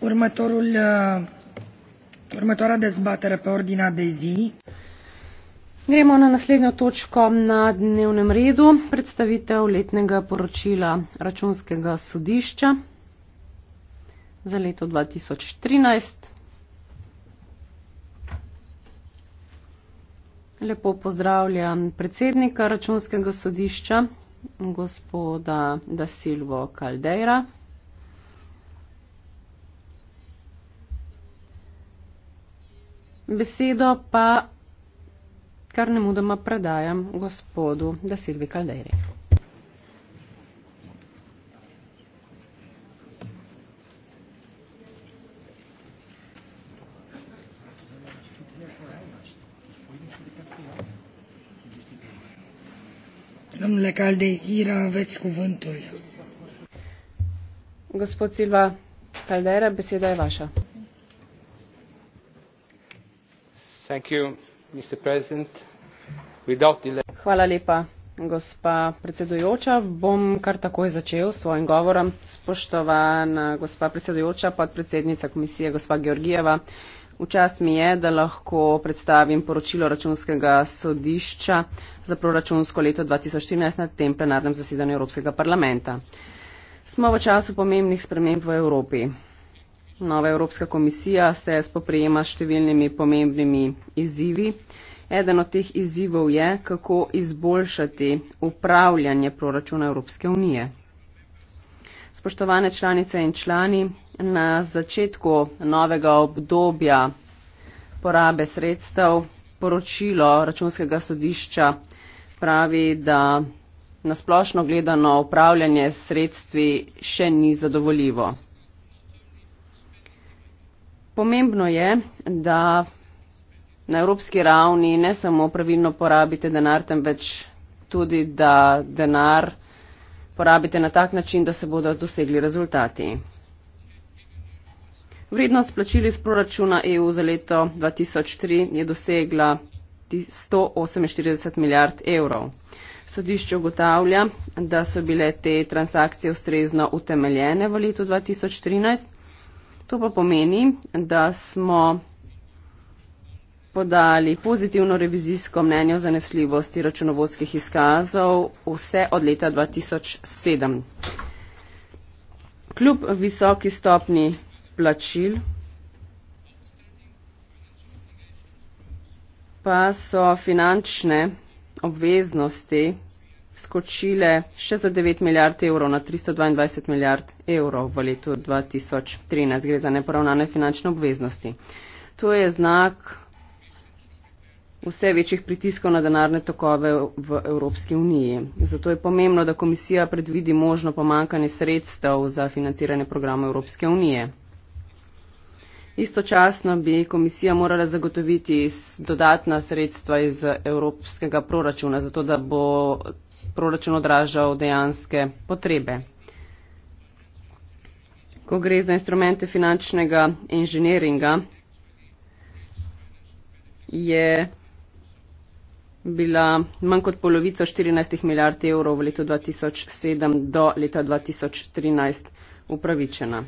Uh, gremo na naslednjo točko na dnevnem redu predstavitev letnega poročila računskega sodišča predstavitev letnega poročila računskega sodišča za leto dva tisoč trinajst lepo pozdravljam predsednika računskega sodišča gospoda da silvo caldeira besedo pa kar ne mudoma predajam gospodu Dasilvi Kalderi. Domnule Calde, ira, aveți cuvântul. Gospod Silva Caldera, beseda je vaša. Hvala lepa, gospa predsedujoča. Bom kar takoj začel s svojim govorom. Spoštovana gospa predsedujoča, podpredsednica komisije, gospa Georgijeva. Včas mi je, da lahko predstavim poročilo računskega sodišča za proračunsko leto 2013 na tem plenarnem zasedanju Evropskega parlamenta. Smo v času pomembnih sprememb v Evropi. Nova Evropska komisija se spoprijema s številnimi pomembnimi izzivi. Eden od teh izzivov je, kako izboljšati upravljanje proračuna Evropske unije. Spoštovane članice in člani, na začetku novega obdobja porabe sredstev poročilo računskega sodišča pravi, da nasplošno gledano upravljanje sredstvi še ni zadovoljivo pomembno je, da na evropski ravni ne samo pravilno porabite denar, temveč tudi, da denar porabite na tak način, da se bodo dosegli rezultati. Vrednost plačil iz proračuna EU za leto 2003 je dosegla 148 milijard evrov. Sodišče ugotavlja, da so bile te transakcije ustrezno utemeljene v letu 2013. To pa pomeni, da smo podali pozitivno revizijsko mnenje o zanesljivosti računovodskih izkazov vse od leta 2007. Kljub visoki stopni plačil pa so finančne obveznosti skočile še za 9 milijard evrov na 322 milijard evrov v letu 2013. Gre za neporavnane finančne obveznosti. To je znak vse večjih pritiskov na denarne tokove v Evropski uniji. Zato je pomembno, da komisija predvidi možno pomankanje sredstev za financiranje programa Evropske unije. Istočasno bi komisija morala zagotoviti dodatna sredstva iz evropskega proračuna, zato da bo proračun odražal dejanske potrebe. Ko gre za instrumente finančnega inženiringa, je bila manj kot polovica 14 milijard evrov v letu 2007 do leta 2013 upravičena.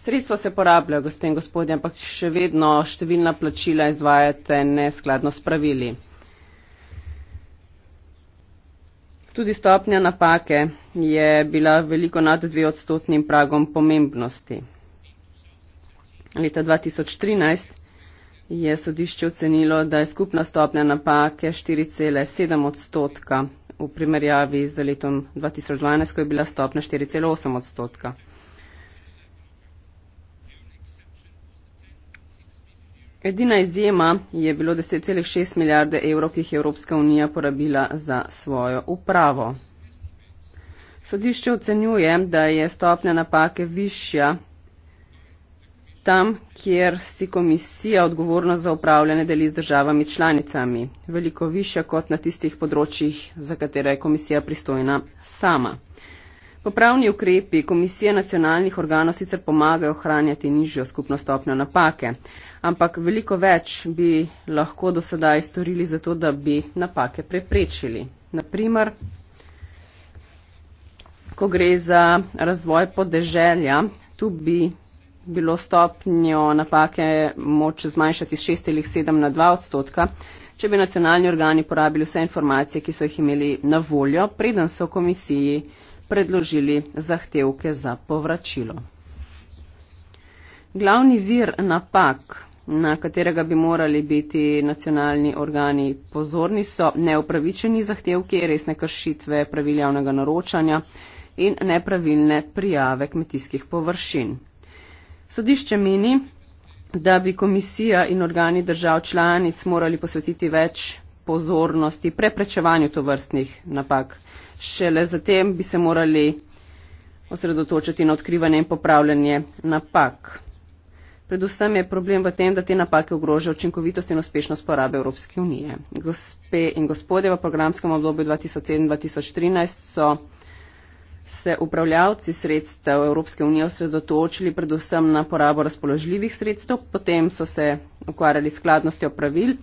Sredstva se porabljajo, gospod in gospodje, ampak še vedno številna plačila izvajate neskladno s pravili. Tudi stopnja napake je bila veliko nad dveodstotnim pragom pomembnosti. Leta 2013 je sodišče ocenilo, da je skupna stopnja napake 4,7 odstotka v primerjavi z letom 2012, ko je bila stopnja 4,8 odstotka. Edina izjema je bilo 10,6 milijarde evrov, ki jih je Evropska unija porabila za svojo upravo. Sodišče ocenjuje, da je stopnja napake višja tam, kjer si komisija odgovornost za upravljanje deli z državami članicami, veliko višja kot na tistih področjih, za katere je komisija pristojna sama. Popravni ukrepi komisije nacionalnih organov sicer pomagajo ohranjati nižjo skupno stopnjo napake, ampak veliko več bi lahko do sedaj storili za to, da bi napake preprečili. Naprimer, ko gre za razvoj podeželja, tu bi bilo stopnjo napake moč zmanjšati z 6,7 na 2 odstotka, če bi nacionalni organi porabili vse informacije, ki so jih imeli na voljo, preden so v komisiji predložili zahtevke za povračilo. Glavni vir napak, na katerega bi morali biti nacionalni organi pozorni, so neupravičeni zahtevki, resne kršitve pravil javnega naročanja in nepravilne prijave kmetijskih površin. Sodišče meni, da bi komisija in organi držav članic morali posvetiti več pozornosti preprečevanju tovrstnih napak šele zatem bi se morali osredotočiti na odkrivanje in popravljanje napak. Predvsem je problem v tem, da te napake ogrožajo učinkovitost in uspešnost porabe Evropske unije. Gospe in gospodje, v programskem obdobju 2007-2013 so se upravljavci sredstev Evropske unije osredotočili predvsem na porabo razpoložljivih sredstev, potem so se ukvarjali skladnostjo pravil,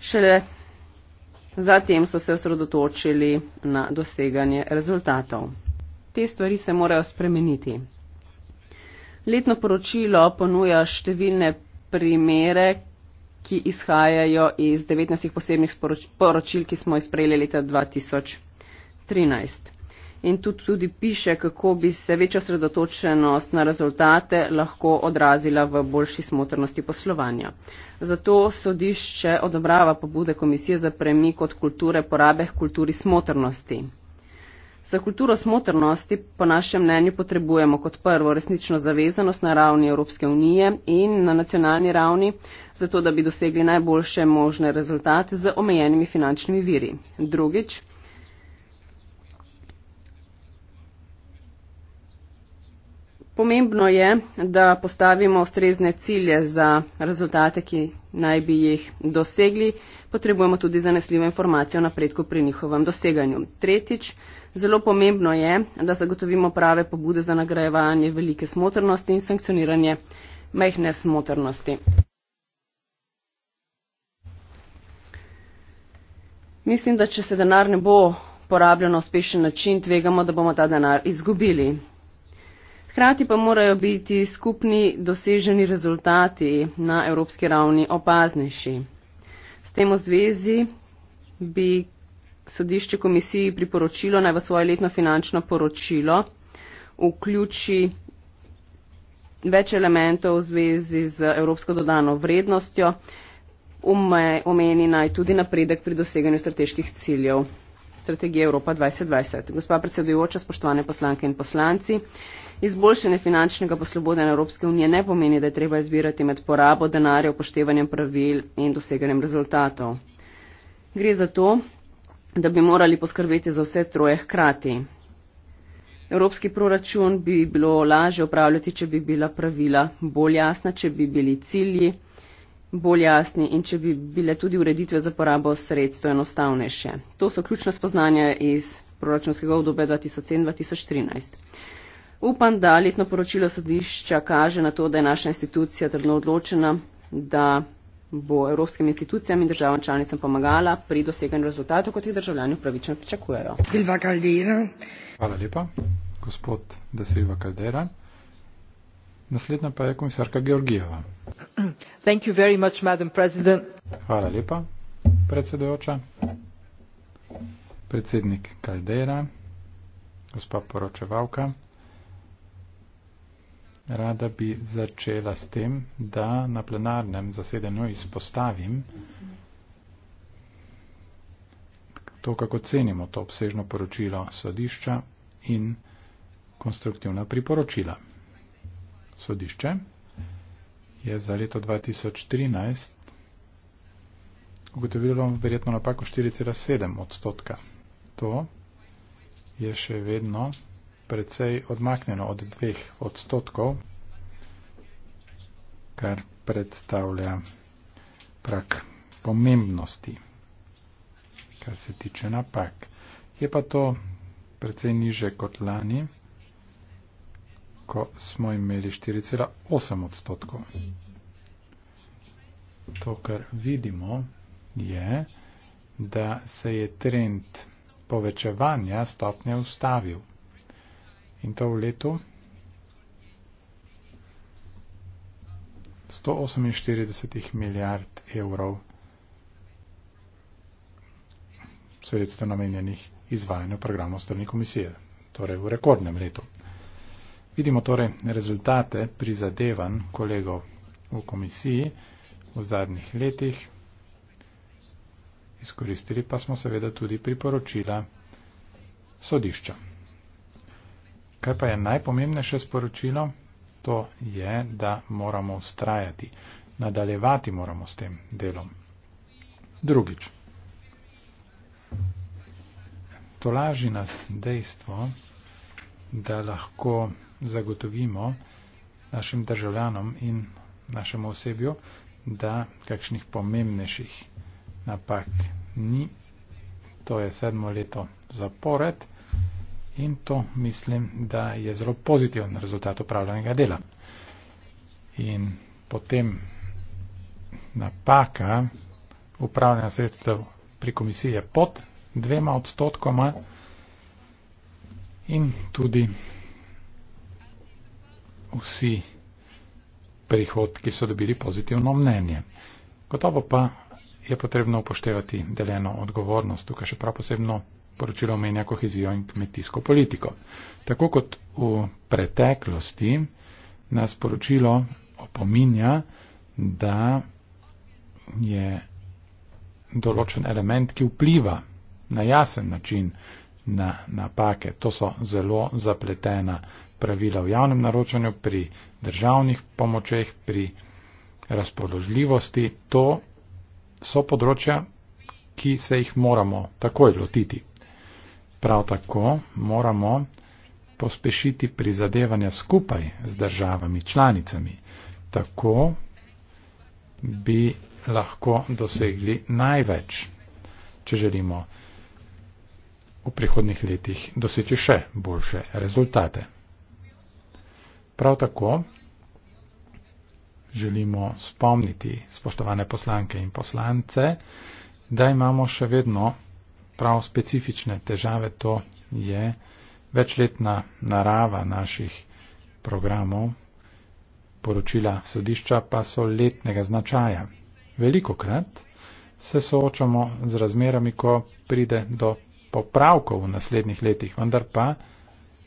šele Zatem so se osredotočili na doseganje rezultatov. Te stvari se morajo spremeniti. Letno poročilo ponuja številne primere, ki izhajajo iz 19 posebnih poročil, ki smo izprejeli leta 2013 in tudi, tudi piše, kako bi se večja sredotočenost na rezultate lahko odrazila v boljši smotrnosti poslovanja. Zato sodišče odobrava pobude komisije za premik od kulture porabe k kulturi smotrnosti. Za kulturo smotrnosti po našem mnenju potrebujemo kot prvo resnično zavezanost na ravni Evropske unije in na nacionalni ravni, zato da bi dosegli najboljše možne rezultate z omejenimi finančnimi viri. Drugič, Pomembno je, da postavimo ustrezne cilje za rezultate, ki naj bi jih dosegli. Potrebujemo tudi zanesljivo informacijo o napredku pri njihovem doseganju. Tretjič, zelo pomembno je, da zagotovimo prave pobude za nagrajevanje velike smotrnosti in sankcioniranje mehne smotrnosti. Mislim, da če se denar ne bo porabljen na uspešen način, tvegamo, da bomo ta denar izgubili hkrati pa morajo biti skupni doseženi rezultati na evropski ravni opaznejši. S tem v zvezi bi sodišče komisiji priporočilo naj v svoje letno finančno poročilo vključi več elementov v zvezi z evropsko dodano vrednostjo, ume, omeni naj tudi napredek pri doseganju strateških ciljev strategije Evropa 2020. Gospa predsedujoča, spoštovane poslanke in poslanci, izboljšanje finančnega poslobode na Evropske unije ne pomeni, da je treba izbirati med porabo denarja, upoštevanjem pravil in doseganjem rezultatov. Gre za to, da bi morali poskrbeti za vse troje hkrati. Evropski proračun bi bilo lažje upravljati, če bi bila pravila bolj jasna, če bi bili cilji, bolj jasni in če bi bile tudi ureditve za porabo sredstvo enostavnejše. To so ključna spoznanja iz proračunskega obdobja 2007-2013. Upam, da letno poročilo sodišča kaže na to, da je naša institucija trdno odločena, da bo evropskim institucijam in državam članicam pomagala pri doseganju rezultatov, kot jih državljani upravičeno pričakujejo. Silva Caldera. Hvala lepa, gospod Desilva Caldera. Naslednja pa je komisarka Georgijeva. Much, Hvala lepa, predsedojoča. Predsednik Kaldera, gospa poročevalka, rada bi začela s tem, da na plenarnem zasedanju izpostavim to, kako cenimo to obsežno poročilo sodišča in konstruktivna priporočila sodišče je za leto 2013 ugotovilo verjetno napako 4,7 odstotka. To je še vedno precej odmaknjeno od dveh odstotkov, kar predstavlja prak pomembnosti, kar se tiče napak. Je pa to precej niže kot lani ko smo imeli 4,8 odstotkov. To, kar vidimo, je, da se je trend povečevanja stopnje ustavil. In to v letu 148 milijard evrov sredstev namenjenih izvajanju programov strani komisije, torej v rekordnem letu. Vidimo torej rezultate prizadevanj kolegov v komisiji v zadnjih letih. Izkoristili pa smo seveda tudi priporočila sodišča. Kaj pa je najpomembnejše sporočilo? To je, da moramo ustrajati. Nadaljevati moramo s tem delom. Drugič. To laži nas dejstvo, da lahko zagotovimo našim državljanom in našemu osebju, da kakšnih pomembnejših napak ni. To je sedmo leto zapored in to mislim, da je zelo pozitiven rezultat upravljenega dela. In potem napaka upravljanja sredstev pri komisiji je pod dvema odstotkoma in tudi vsi prihodki so dobili pozitivno mnenje. Gotovo pa je potrebno upoštevati deljeno odgovornost. Tukaj še prav posebno poročilo omenja kohezijo in kmetijsko politiko. Tako kot v preteklosti nas poročilo opominja, da je določen element, ki vpliva na jasen način na napake. To so zelo zapletena pravila v javnem naročanju, pri državnih pomočeh, pri razpoložljivosti. To so področja, ki se jih moramo takoj lotiti. Prav tako moramo pospešiti prizadevanja skupaj z državami članicami. Tako bi lahko dosegli največ, če želimo v prihodnih letih doseči še boljše rezultate. Prav tako želimo spomniti spoštovane poslanke in poslance, da imamo še vedno prav specifične težave, to je večletna narava naših programov, poročila sodišča pa so letnega značaja. Veliko krat se soočamo z razmerami, ko pride do popravkov v naslednjih letih, vendar pa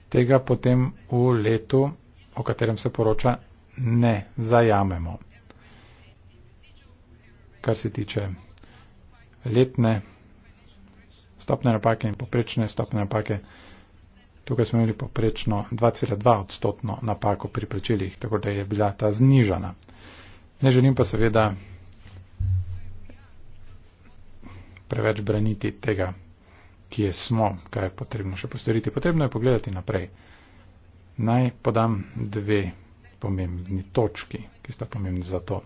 tega potem v letu, o katerem se poroča, ne zajamemo. Kar se tiče letne stopne napake in poprečne stopne napake, tukaj smo imeli poprečno 2,2 odstotno napako pri plačilih, tako da je bila ta znižana. Ne želim pa seveda preveč braniti tega kje smo, kaj je potrebno še postoriti. Potrebno je pogledati naprej. Naj podam dve pomembni točki, ki sta pomembni za to.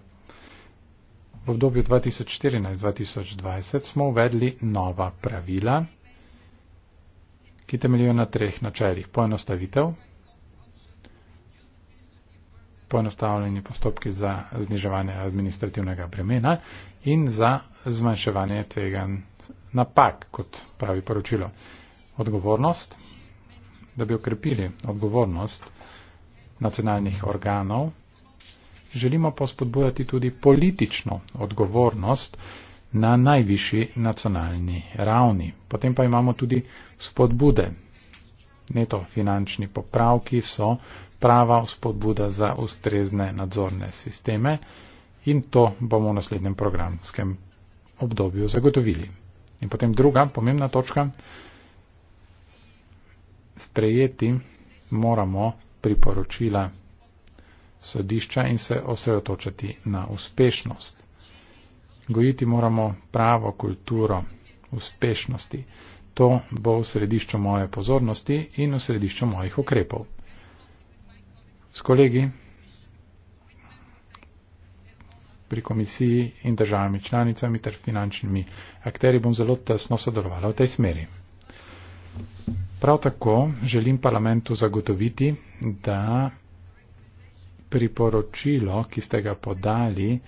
V obdobju 2014-2020 smo uvedli nova pravila, ki temeljijo na treh načeljih. Poenostavitev, poenostavljeni postopki za zniževanje administrativnega bremena in za zmanjševanje tvegan napak, kot pravi poročilo. Odgovornost, da bi okrepili odgovornost nacionalnih organov, želimo pa spodbujati tudi politično odgovornost na najvišji nacionalni ravni. Potem pa imamo tudi spodbude. Neto finančni popravki so prava spodbuda za ustrezne nadzorne sisteme in to bomo v naslednjem programskem obdobju zagotovili. In potem druga pomembna točka, sprejeti moramo priporočila sodišča in se osredotočati na uspešnost. Gojiti moramo pravo kulturo uspešnosti. To bo v središču moje pozornosti in v središču mojih ukrepov. S kolegi pri komisiji in državami članicami ter finančnimi akteri bom zelo tesno sodelovala v tej smeri. Prav tako želim parlamentu zagotoviti, da priporočilo, ki ste ga podali,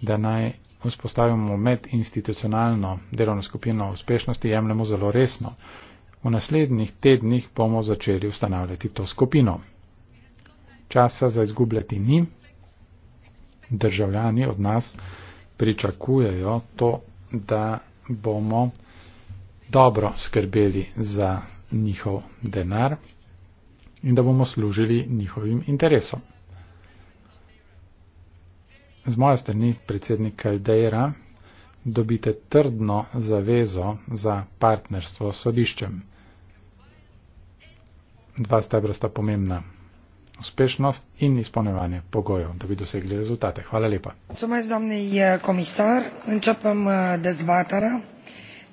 da naj vzpostavimo medinstitucionalno delovno skupino uspešnosti, jemljemo zelo resno. V naslednjih tednih bomo začeli ustanavljati to skupino. Časa za izgubljati ni, državljani od nas pričakujejo to, da bomo dobro skrbeli za njihov denar in da bomo služili njihovim interesom. Z moje strani, predsednik Kaldeira, dobite trdno zavezo za partnerstvo s sodiščem. Dva stebra sta pomembna uspešnost in izpolnevanje pogojev, da bi dosegli rezultate. Hvala lepa. E,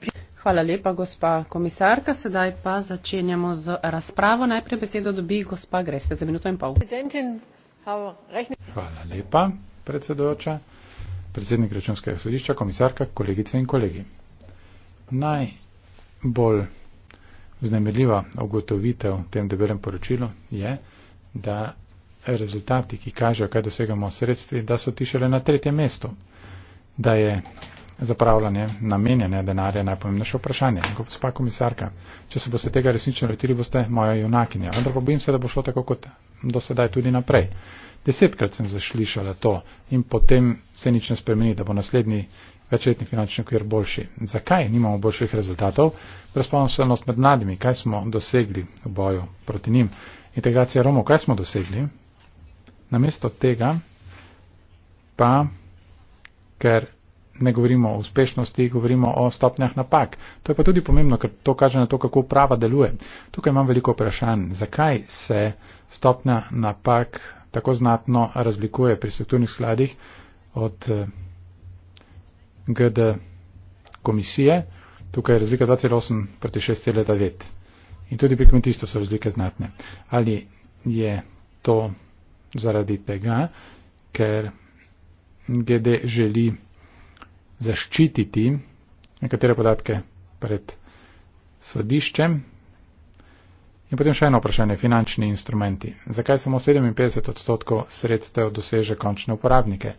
e, Hvala lepa, gospa komisarka. Sedaj pa začenjamo z razpravo. Najprej besedo dobi gospa Greste za minuto in pol. Hvala lepa, predsedujoča, predsednik računskega sodišča, komisarka, kolegice in kolegi. Najbolj znemeljiva ugotovitev v tem debelem poročilu je, da rezultati, ki kažejo, kaj dosegamo s sredstvi, da so ti šele na tretjem mestu, da je zapravljanje namenjene denarja najpomembnejše vprašanje. Gospa komisarka, če se boste tega resnično lotili, boste moja junakinja. Vendar pa bojim se, da bo šlo tako kot do sedaj tudi naprej. Desetkrat sem zaslišala to in potem se nič ne spremeni, da bo naslednji večletni finančni okvir boljši. Zakaj nimamo boljših rezultatov? Razpomnim se enost med mladimi, kaj smo dosegli v boju proti njim integracija Romov, kaj smo dosegli? Namesto tega pa, ker ne govorimo o uspešnosti, govorimo o stopnjah napak. To je pa tudi pomembno, ker to kaže na to, kako prava deluje. Tukaj imam veliko vprašanj, zakaj se stopnja napak tako znatno razlikuje pri strukturnih skladih od eh, GD komisije. Tukaj je razlika 2,8 proti 6,9. In tudi pri kmetijstvu so razlike znatne. Ali je to zaradi tega, ker GD želi zaščititi nekatere podatke pred sodiščem. In potem še eno vprašanje, finančni instrumenti. Zakaj samo 57 odstotkov sredstev doseže končne uporabnike?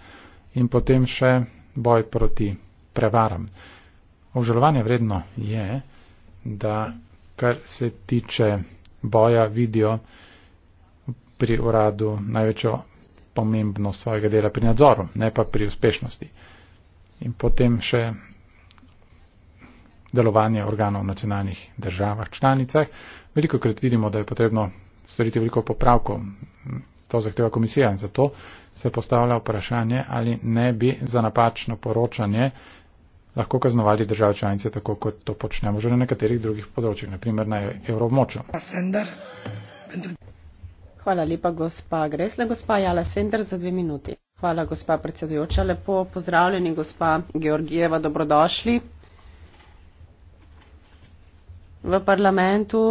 In potem še boj proti prevaram. Obžalovanje vredno je, da kar se tiče boja, vidijo pri uradu največjo pomembnost svojega dela pri nadzoru, ne pa pri uspešnosti. In potem še delovanje organov v nacionalnih državah, članicah. Veliko krat vidimo, da je potrebno storiti veliko popravkov. To zahteva komisija in zato se postavlja vprašanje, ali ne bi za napačno poročanje lahko kaznovali države članice tako, kot to počnemo že na nekaterih drugih področjih, naprimer na evromočo. Hvala lepa, gospa Gresle, gospa Jala Sender, za dve minuti. Hvala, gospa predsedujoča, lepo pozdravljeni, gospa Georgijeva, dobrodošli v parlamentu.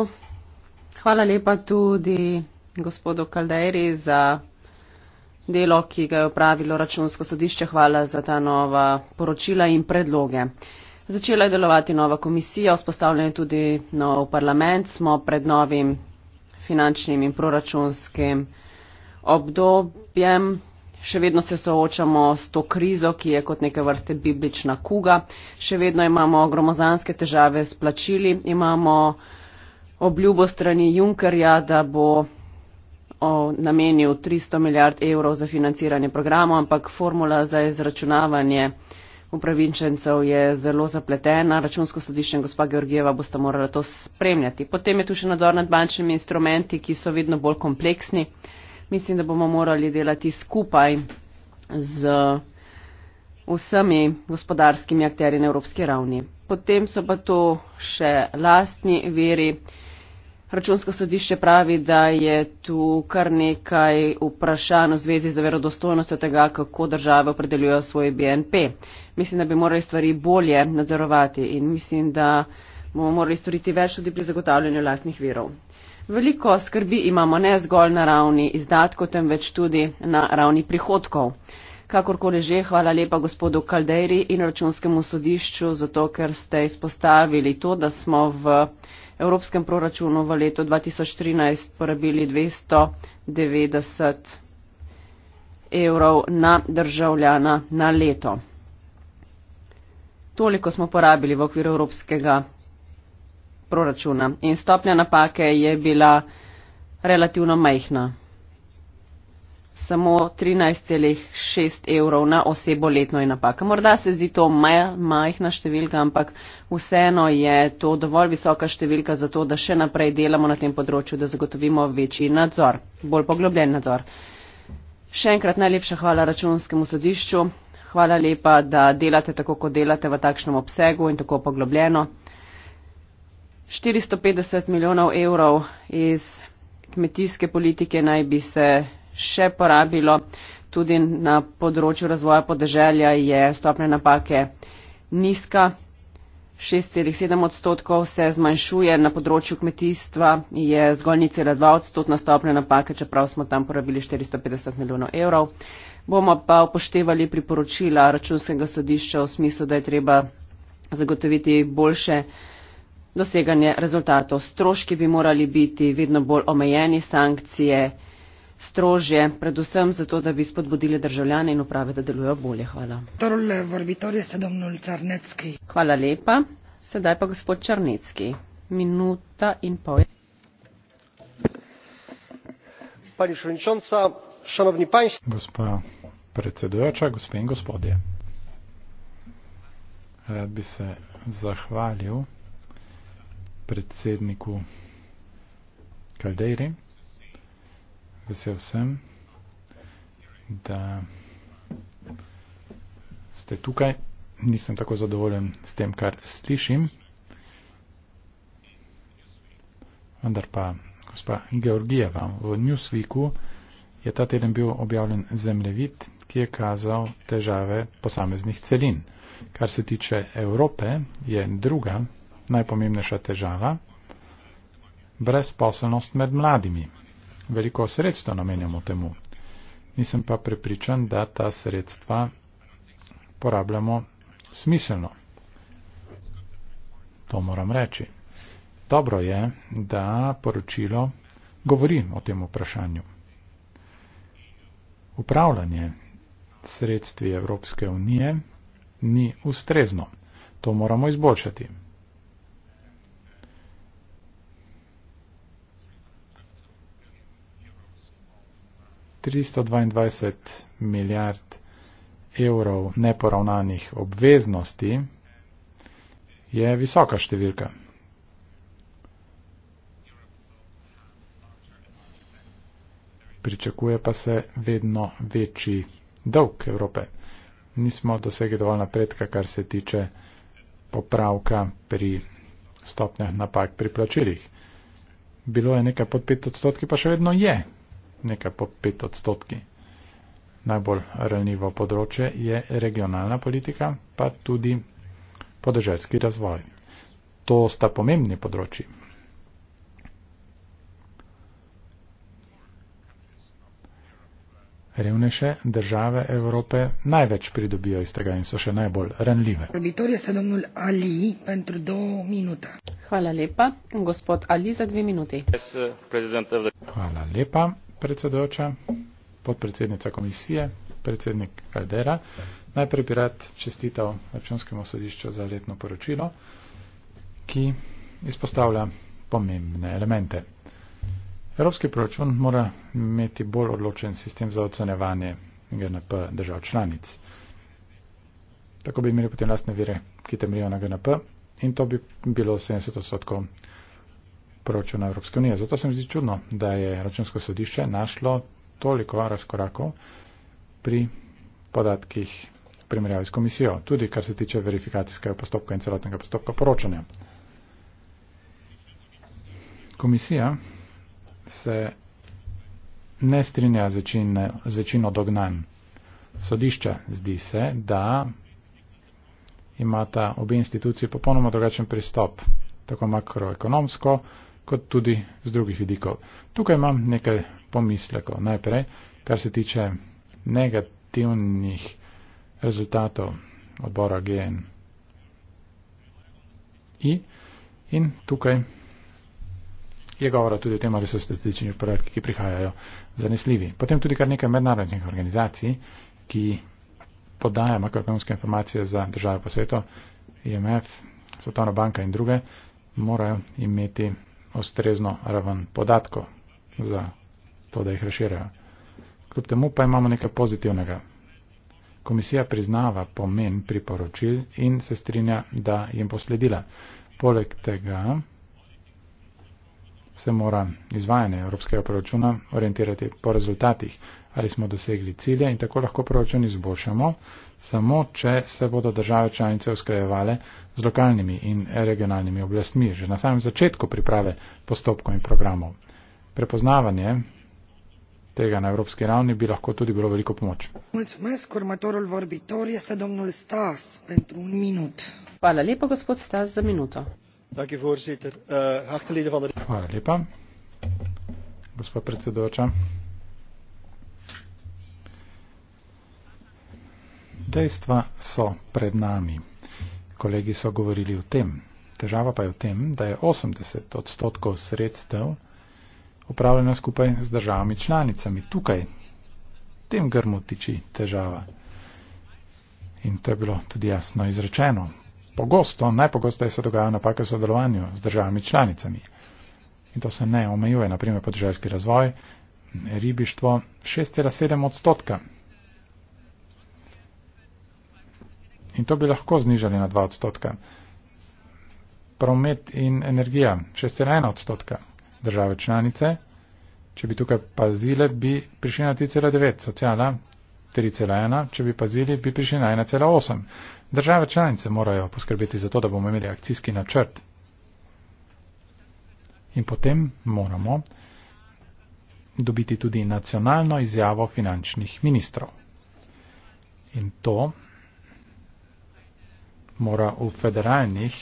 Hvala lepa tudi gospodu Kalderi za delo, ki ga je upravilo računsko sodišče. Hvala za ta nova poročila in predloge. Začela je delovati nova komisija, vzpostavljen je tudi nov parlament. Smo pred novim finančnim in proračunskim obdobjem. Še vedno se soočamo s to krizo, ki je kot neke vrste biblična kuga. Še vedno imamo gromozanske težave s plačili. Imamo obljubo strani Junkerja, da bo o namenju 300 milijard evrov za financiranje programov, ampak formula za izračunavanje upravičencev je zelo zapletena. Računsko sodišče in gospa Georgijeva boste morali to spremljati. Potem je tu še nadzor nad bančnimi instrumenti, ki so vedno bolj kompleksni. Mislim, da bomo morali delati skupaj z vsemi gospodarskimi akteri na evropski ravni. Potem so pa tu še lastni veri. Računsko sodišče pravi, da je tu kar nekaj vprašanj v zvezi z verodostojnostjo tega, kako države opredeljujejo svoj BNP. Mislim, da bi morali stvari bolje nadzorovati in mislim, da bomo morali storiti več tudi pri zagotavljanju lastnih virov. Veliko skrbi imamo ne zgolj na ravni izdatkov, temveč tudi na ravni prihodkov. Kakorkoli že, hvala lepa gospodu Kaldejri in računskemu sodišču, zato ker ste izpostavili to, da smo v evropskem proračunu v letu 2013 porabili 290 evrov na državljana na leto. Toliko smo porabili v okviru evropskega proračuna in stopnja napake je bila relativno majhna samo 13,6 evrov na osebo letno je napaka. Morda se zdi to maj, majhna številka, ampak vseeno je to dovolj visoka številka za to, da še naprej delamo na tem področju, da zagotovimo večji nadzor, bolj poglobljen nadzor. Še enkrat najlepša hvala računskemu sodišču, hvala lepa, da delate tako, kot delate v takšnem obsegu in tako poglobljeno. 450 milijonov evrov iz kmetijske politike naj bi se še porabilo. Tudi na področju razvoja podeželja je stopnja napake nizka. 6,7 odstotkov se zmanjšuje, na področju kmetijstva je zgolj 0,2 odstotna stopnja napake, čeprav smo tam porabili 450 milijonov evrov. Bomo pa upoštevali priporočila računskega sodišča v smislu, da je treba zagotoviti boljše doseganje rezultatov. Stroški bi morali biti vedno bolj omejeni, sankcije strožje, predvsem zato, da bi spodbudili državljane in uprave, da delujejo bolje. Hvala. Hvala lepa. Sedaj pa gospod Črnecki. Minuta in pol. Pani Šovničonca, šanovni panjši. Gospa predsedujoča, gospe in gospodje. Rad bi se zahvalil predsedniku Kaldeiri Vesel sem, da ste tukaj. Nisem tako zadovoljen s tem, kar slišim. Vendar pa, gospa Georgijeva, v Newsweeku je ta teden bil objavljen zemljevid, ki je kazal težave posameznih celin. Kar se tiče Evrope, je druga najpomembnejša težava brezposelnost med mladimi veliko sredstva namenjamo temu. Nisem pa prepričan, da ta sredstva porabljamo smiselno. To moram reči. Dobro je, da poročilo govori o tem vprašanju. Upravljanje sredstvi Evropske unije ni ustrezno. To moramo izboljšati. 322 milijard evrov neporavnanih obveznosti je visoka številka. Pričakuje pa se vedno večji dolg Evrope. Nismo dosegli dovolj napredka, kar se tiče popravka pri stopnjah napak pri plačilih. Bilo je nekaj pod 5 odstotki, pa še vedno je nekaj po pet odstotki. Najbolj ranljivo področje je regionalna politika, pa tudi podeželski razvoj. To sta pomembni področji. Revnejše države Evrope največ pridobijo iz tega in so še najbolj ranljive. Hvala lepa, gospod Ali, za dve minuti. Eh, Hvala lepa predsedojoča, podpredsednica komisije, predsednik Kaldera. Najprej bi rad čestital računskemu sodišču za letno poročilo, ki izpostavlja pomembne elemente. Evropski proračun mora imeti bolj odločen sistem za ocenevanje GNP držav članic. Tako bi imeli potem lastne vire, ki temeljijo na GNP in to bi bilo 70 odstotkov proračuna Evropske unije. Zato se mi zdi čudno, da je računsko sodišče našlo toliko razkorakov pri podatkih primerjavi s komisijo, tudi kar se tiče verifikacijskega postopka in celotnega postopka poročanja. Komisija se ne strinja z, večine, z večino dognanj sodišča. Zdi se, da imata obe instituciji popolnoma drugačen pristop, tako makroekonomsko, kot tudi z drugih vidikov. Tukaj imam nekaj pomislekov. Najprej, kar se tiče negativnih rezultatov odbora GNI. In tukaj je govora tudi o tem, ali so statistični podatki, ki prihajajo, zanesljivi. Potem tudi kar nekaj mednarodnih organizacij, ki podajajo makroekonomske informacije za države po svetu, IMF, Svetovna banka in druge, morajo imeti ustrezno raven podatkov za to, da jih raširajo. Kljub temu pa imamo nekaj pozitivnega. Komisija priznava pomen priporočil in se strinja, da jim posledila. Poleg tega se mora izvajanje evropskega proračuna orientirati po rezultatih, ali smo dosegli cilje in tako lahko proračun izboljšamo, samo če se bodo države članice usklajevale z lokalnimi in regionalnimi oblastmi, že na samem začetku priprave postopkov in programov. Prepoznavanje tega na evropski ravni bi lahko tudi bilo veliko pomoč. Hvala lepa, gospod Stas, za minuto. Dank u voorzitter. Uh, eh, Hartelijk leden van de. Hvala Gospod predsedujoča. Dejstva so pred nami. Kolegi so govorili o tem. Težava pa je v tem, da je 80 odstotkov sredstev upravljena skupaj z državami članicami. Tukaj, tem grmu tiči težava. In to je bilo tudi jasno izrečeno pogosto, najpogosteje se dogaja napake v sodelovanju z državami članicami. In to se ne omejuje, naprimer podeželski razvoj, ribištvo 6,7 odstotka. In to bi lahko znižali na 2 odstotka. Promet in energija 6,1 odstotka države članice. Če bi tukaj pazile, bi prišli na 3,9, sociala 3,1, če bi pazili, bi prišli na 1,8. Države članice morajo poskrbeti za to, da bomo imeli akcijski načrt. In potem moramo dobiti tudi nacionalno izjavo finančnih ministrov. In to mora v federalnih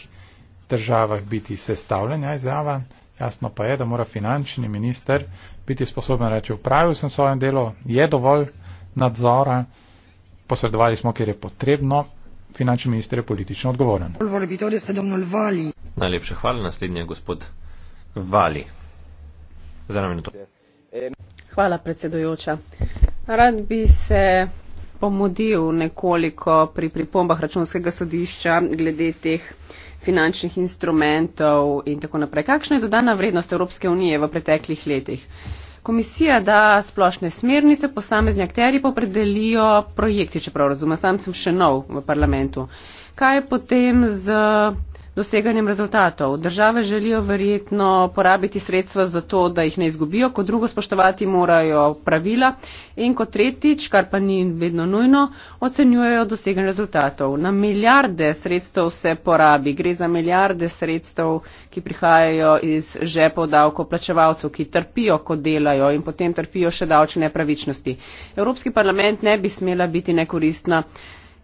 državah biti sestavljena izjava. Jasno pa je, da mora finančni minister biti sposoben reči, upravil sem svojem delo, je dovolj, nadzora, posredovali smo, kjer je potrebno, finančni minister je politično odgovoren. Najlepše hvala, naslednji je gospod Vali. Za nami minuto. Hvala, predsedujoča. Rad bi se pomodil nekoliko pri pripombah računskega sodišča glede teh finančnih instrumentov in tako naprej. Kakšna je dodana vrednost Evropske unije v preteklih letih? komisija da splošne smernice, posamezni akteri pa opredelijo projekti, čeprav razumem, sam sem še nov v parlamentu. Kaj je potem z doseganjem rezultatov. Države želijo verjetno porabiti sredstva za to, da jih ne izgubijo, kot drugo spoštovati morajo pravila in kot tretjič, kar pa ni vedno nujno, ocenjujejo doseganje rezultatov. Na milijarde sredstev se porabi, gre za milijarde sredstev, ki prihajajo iz žepov davkoplačevalcev, ki trpijo, ko delajo in potem trpijo še davčne pravičnosti. Evropski parlament ne bi smela biti nekoristna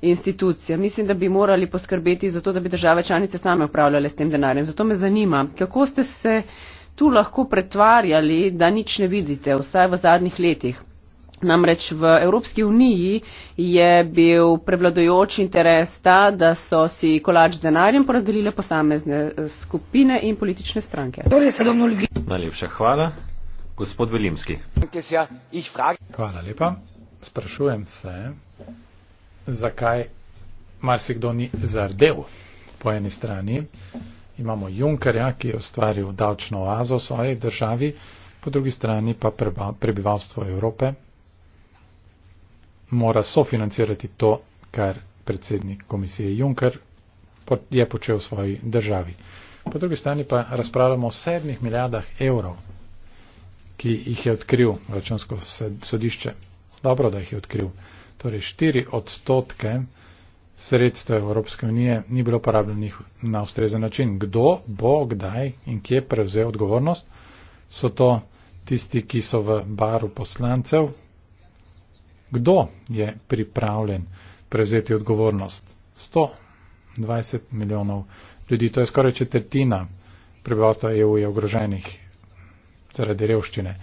institucija. Mislim, da bi morali poskrbeti za to, da bi države članice same upravljale s tem denarjem. Zato me zanima, kako ste se tu lahko pretvarjali, da nič ne vidite, vsaj v zadnjih letih. Namreč v Evropski uniji je bil prevladojoč interes ta, da so si kolač z denarjem porazdelile posamezne eh, skupine in politične stranke. Najlepša hvala. Gospod Velimski. Hvala lepa. Sprašujem se, zakaj marsikdo ni zardel. Po eni strani imamo Junkerja, ki je ustvaril davčno oazo svoje državi, po drugi strani pa prebivalstvo Evrope mora sofinancirati to, kar predsednik komisije Junker je počel v svoji državi. Po drugi strani pa razpravljamo o sedmih milijardah evrov, ki jih je odkril računsko sodišče. Dobro, da jih je odkril torej 4 odstotke sredstev Evropske unije ni bilo porabljenih na ustrezen način. Kdo bo, kdaj in kje prevzel odgovornost? So to tisti, ki so v baru poslancev? Kdo je pripravljen prevzeti odgovornost? 120 milijonov ljudi, to je skoraj četrtina prebivalstva EU je ogroženih zaradi revščine.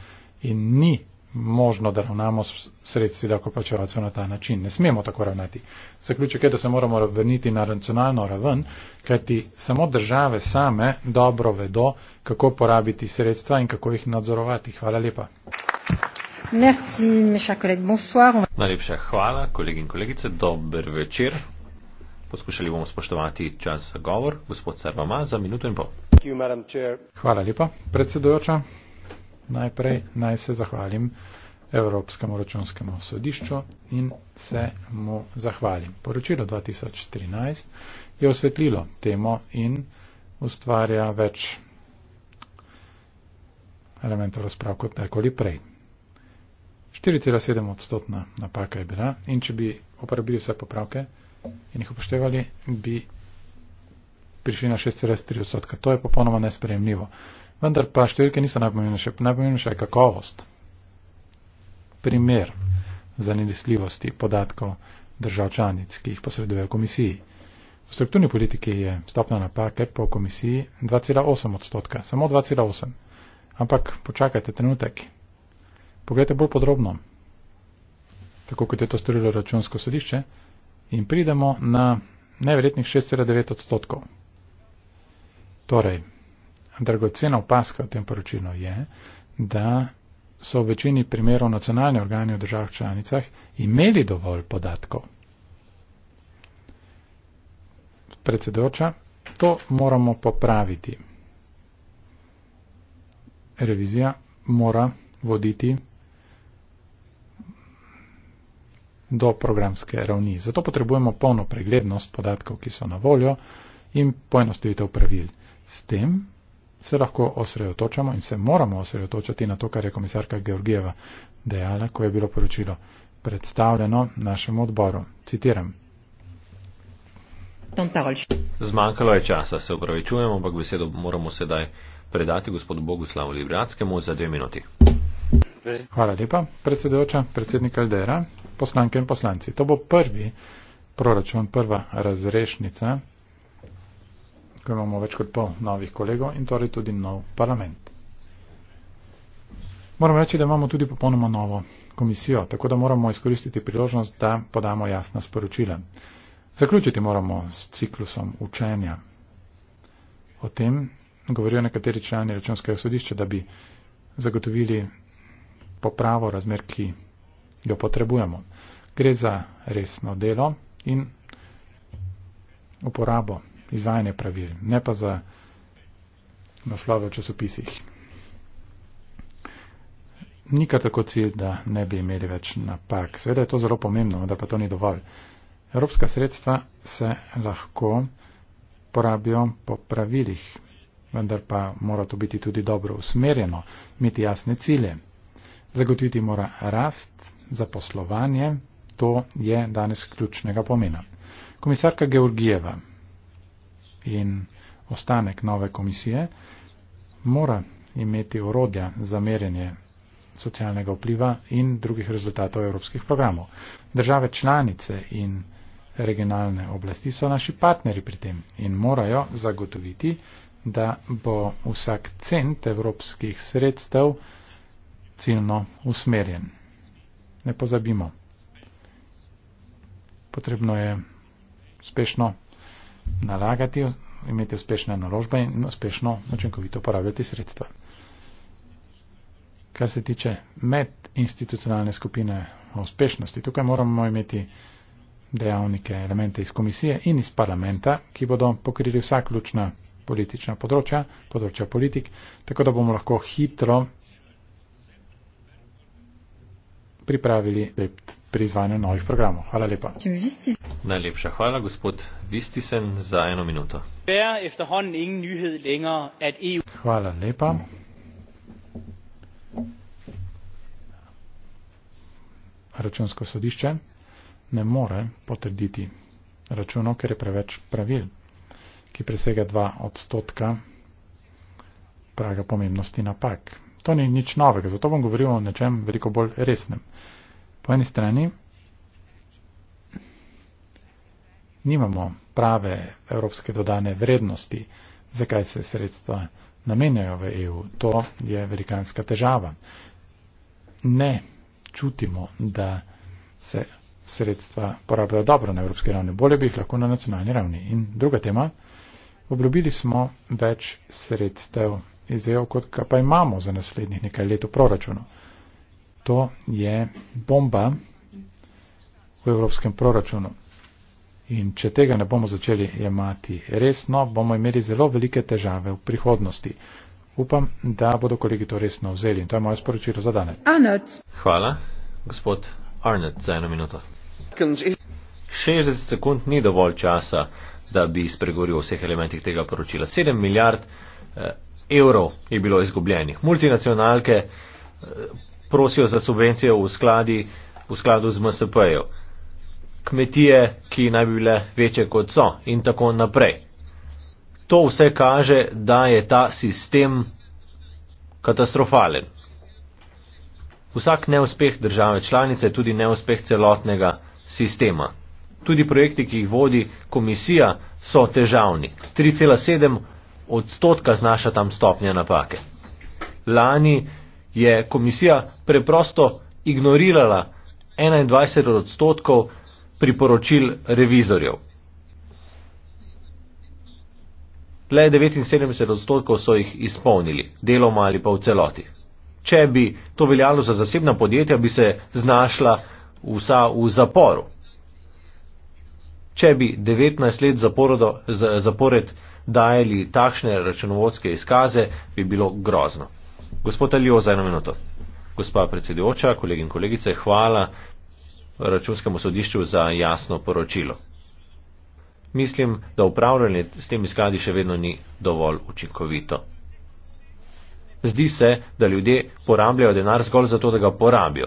In ni možno, da ravnamo s sredstvi davkoplačevalcev na ta način. Ne smemo tako ravnati. Zaključek je, da se moramo vrniti na racionalno raven, kajti samo države same dobro vedo, kako porabiti sredstva in kako jih nadzorovati. Hvala lepa. Merci, Najlepša hvala, kolegi in kolegice. Dober večer. Poskušali bomo spoštovati čas za govor. Gospod Sarvama, za minuto in pol. Hvala lepa, predsedujoča najprej naj se zahvalim Evropskemu računskemu sodišču in se mu zahvalim. Poročilo 2013 je osvetlilo temo in ustvarja več elementov razprav kot takoli prej. 4,7 odstotna napaka je bila in če bi uporabili vse popravke in jih upoštevali, bi prišli na 6,3 odstotka. To je popolnoma nespremljivo. Vendar pa številke niso najpomembnejše. Najpomembnejša je kakovost. Primer zanesljivosti podatkov držav članic, ki jih posreduje v komisiji. V strukturni politiki je stopna napake po komisiji 2,8 odstotka, samo 2,8. Ampak počakajte trenutek. Poglejte bolj podrobno, tako kot je to storilo računsko sodišče, in pridemo na neverjetnih 6,9 odstotkov. Torej, dragocena opaska v tem poročilu je, da so v večini primerov nacionalni organi v državah članicah imeli dovolj podatkov. Predsedoča, to moramo popraviti. Revizija mora voditi do programske ravni. Zato potrebujemo polno preglednost podatkov, ki so na voljo in poenostavitev pravil. S tem se lahko osredotočamo in se moramo osredotočati na to, kar je komisarka Georgijeva dejala, ko je bilo poročilo predstavljeno našemu odboru. Citiram. Zmanjkalo je časa, se upravičujemo, ampak besedo moramo sedaj predati gospodu Boguslavu Libratskemu za dve minuti. Hvala lepa, predsedujoča, predsednik Aldera, poslanke in poslanci. To bo prvi proračun, prva razrešnica ko imamo več kot pol novih kolegov in torej tudi nov parlament. Moram reči, da imamo tudi popolnoma novo komisijo, tako da moramo izkoristiti priložnost, da podamo jasna sporočila. Zaključiti moramo s ciklusom učenja. O tem govorijo nekateri člani računskega sodišča, da bi zagotovili popravo razmer, ki jo potrebujemo. Gre za resno delo in uporabo izvajanje pravil, ne pa za naslove v časopisih. Nikar tako cilj, da ne bi imeli več napak. Sveda je to zelo pomembno, da pa to ni dovolj. Evropska sredstva se lahko porabijo po pravilih, vendar pa mora to biti tudi dobro usmerjeno, imeti jasne cilje. Zagotoviti mora rast za poslovanje, to je danes ključnega pomena. Komisarka Georgijeva in ostanek nove komisije, mora imeti orodja za merjenje socialnega vpliva in drugih rezultatov evropskih programov. Države članice in regionalne oblasti so naši partneri pri tem in morajo zagotoviti, da bo vsak cent evropskih sredstev ciljno usmerjen. Ne pozabimo. Potrebno je uspešno nalagati, imeti uspešne naložbe in uspešno, učinkovito uporabljati sredstva. Kar se tiče medinstitucionalne skupine o uspešnosti, tukaj moramo imeti dejavnike, elemente iz komisije in iz parlamenta, ki bodo pokrili vsa ključna politična področja, področja politik, tako da bomo lahko hitro pripravili lept pri izvajanju novih programov. Hvala lepa. Najlepša hvala, gospod Vistisen, za eno minuto. E hvala lepa. Računsko sodišče ne more potrditi računov, ker je preveč pravil, ki presega dva odstotka praga pomembnosti napak. To ni nič novega, zato bom govoril o nečem veliko bolj resnem. Po eni strani nimamo prave evropske dodane vrednosti, zakaj se sredstva namenjajo v EU. To je velikanska težava. Ne čutimo, da se sredstva porabljajo dobro na evropski ravni, bolje bi jih lahko na nacionalni ravni. In druga tema, obljubili smo več sredstev iz EU, kot pa imamo za naslednjih nekaj let v proračunu to je bomba v evropskem proračunu. In če tega ne bomo začeli jemati resno, bomo imeli zelo velike težave v prihodnosti. Upam, da bodo kolegi to resno vzeli. In to je moje sporočilo za danes. Arnott. Hvala, gospod Arnett, za eno minuto. 60 sekund ni dovolj časa, da bi spregovoril o vseh elementih tega poročila. 7 milijard eh, evrov je bilo izgubljenih. Multinacionalke eh, prosijo za subvencije v, skladi, v skladu z MSP-jo, kmetije, ki naj bi bile večje kot so in tako naprej. To vse kaže, da je ta sistem katastrofalen. Vsak neuspeh države članice je tudi neuspeh celotnega sistema. Tudi projekti, ki jih vodi komisija, so težavni. 3,7 odstotka znaša tam stopnja napake. Lani je komisija preprosto ignorirala 21 odstotkov priporočil revizorjev. Le 79 odstotkov so jih izpolnili, deloma ali pa v celoti. Če bi to veljalo za zasebna podjetja, bi se znašla vsa v zaporu. Če bi 19 let zapored dajali takšne računovodske izkaze, bi bilo grozno. Gospod Alijo, za eno minuto. Gospa predsedujoča, kolegi in kolegice, hvala računskemu sodišču za jasno poročilo. Mislim, da upravljanje s temi skladi še vedno ni dovolj učinkovito. Zdi se, da ljudje porabljajo denar zgolj zato, da ga porabijo.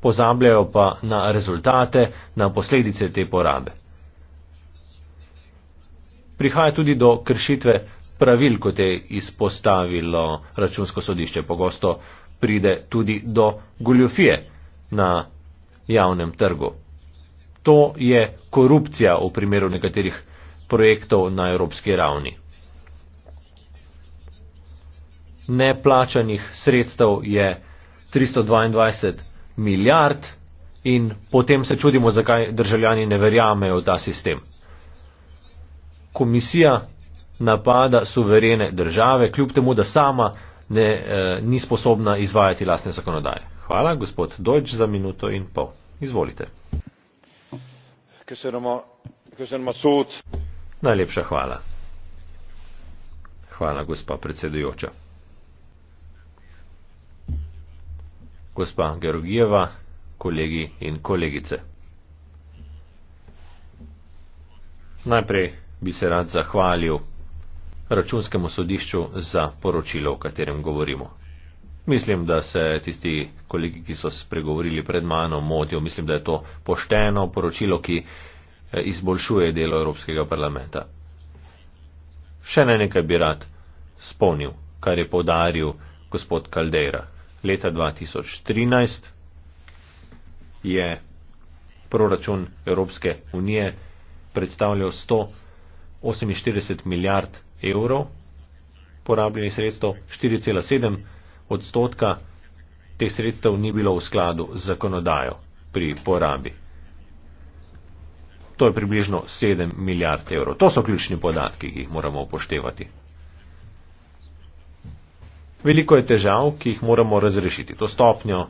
Pozabljajo pa na rezultate, na posledice te porabe. Prihaja tudi do kršitve pravil, kot je izpostavilo računsko sodišče, pogosto pride tudi do goljofije na javnem trgu. To je korupcija v primeru nekaterih projektov na evropski ravni. Neplačanih sredstev je 322 milijard in potem se čudimo, zakaj državljani ne verjamejo v ta sistem. Komisija napada suverene države, kljub temu, da sama ne, e, ni sposobna izvajati lastne zakonodaje. Hvala, gospod Dojč, za minuto in pol. Izvolite. Najlepša hvala. Hvala, gospa predsedujoča. Gospa Gerogijeva, kolegi in kolegice. Najprej bi se rad zahvalil računskemu sodišču za poročilo, o katerem govorimo. Mislim, da se tisti kolegi, ki so spregovorili pred mano, motijo. Mislim, da je to pošteno poročilo, ki eh, izboljšuje delo Evropskega parlamenta. Še ne nekaj bi rad spomnil, kar je podaril gospod Kaldeira. Leta 2013 je proračun Evropske unije predstavljal 148 milijard evrov evrov, porabljenih sredstev 4,7 odstotka teh sredstev ni bilo v skladu z zakonodajo pri porabi. To je približno 7 milijard evrov. To so ključni podatki, ki jih moramo upoštevati. Veliko je težav, ki jih moramo razrešiti. To stopnjo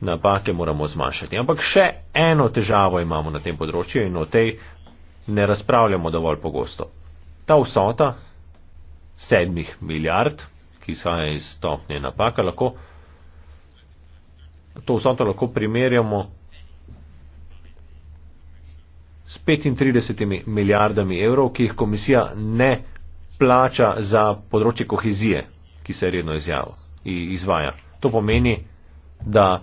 napake moramo zmanjšati. Ampak še eno težavo imamo na tem področju in o tej ne razpravljamo dovolj pogosto. Ta vsota sedmih milijard, ki izhaja iz stopnje napaka, lahko to vsoto lahko primerjamo s 35 milijardami evrov, ki jih komisija ne plača za področje kohezije, ki se redno izvaja. To pomeni, da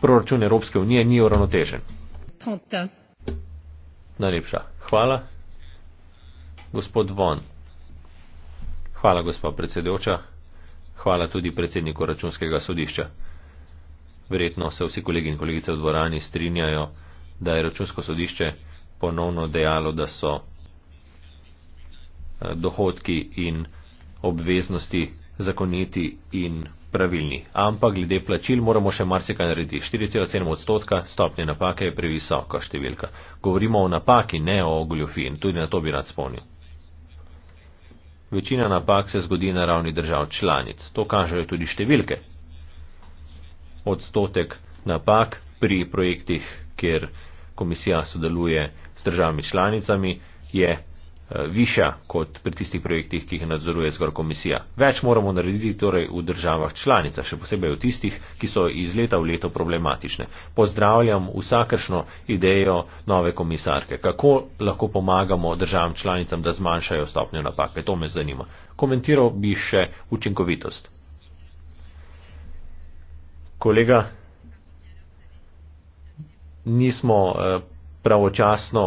proračun Evropske unije ni uravnotežen. Najlepša hvala. Gospod Von. Hvala, gospa predsedujoča. Hvala tudi predsedniku računskega sodišča. Verjetno se vsi kolegi in kolegice v dvorani strinjajo, da je računsko sodišče ponovno dejalo, da so eh, dohodki in obveznosti zakoniti in pravilni. Ampak glede plačil moramo še marsikaj narediti. 4,7 odstotka stopnje napake je previsoka številka. Govorimo o napaki, ne o goljofiji in tudi na to bi rad spomnil. Večina napak se zgodi na ravni držav članic. To kažejo tudi številke. Odstotek napak pri projektih, kjer komisija sodeluje z državami članicami, je Eh, viša kot pri tistih projektih, ki jih nadzoruje zgor komisija. Več moramo narediti torej v državah članica, še posebej v tistih, ki so iz leta v leto problematične. Pozdravljam vsakršno idejo nove komisarke, kako lahko pomagamo državam članicam, da zmanjšajo stopnjo napake. To me zanima. Komentiral bi še učinkovitost. Kolega, nismo eh, pravočasno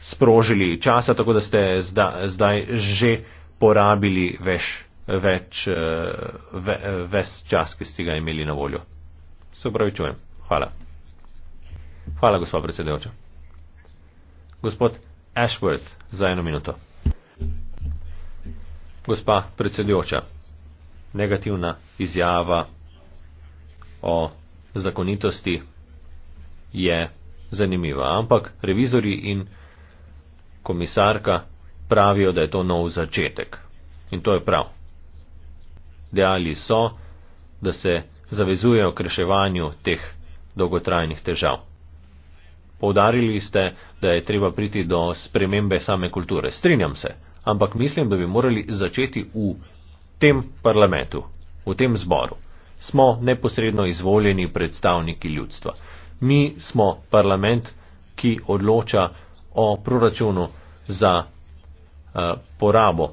sprožili časa, tako da ste zda, zdaj že porabili veš, več eh, ve, ves čas, ki ste ga imeli na voljo. Se upravičujem. Hvala. Hvala, gospod predsedevča. Gospod Ashworth, za eno minuto. Gospa predsedujoča, negativna izjava o zakonitosti je zanimiva, ampak revizori in komisarka, pravijo, da je to nov začetek. In to je prav. Dejali so, da se zavezujejo k reševanju teh dolgotrajnih težav. Povdarili ste, da je treba priti do spremembe same kulture. Strinjam se, ampak mislim, da bi morali začeti v tem parlamentu, v tem zboru. Smo neposredno izvoljeni predstavniki ljudstva. Mi smo parlament, ki odloča, o proračunu za eh, porabo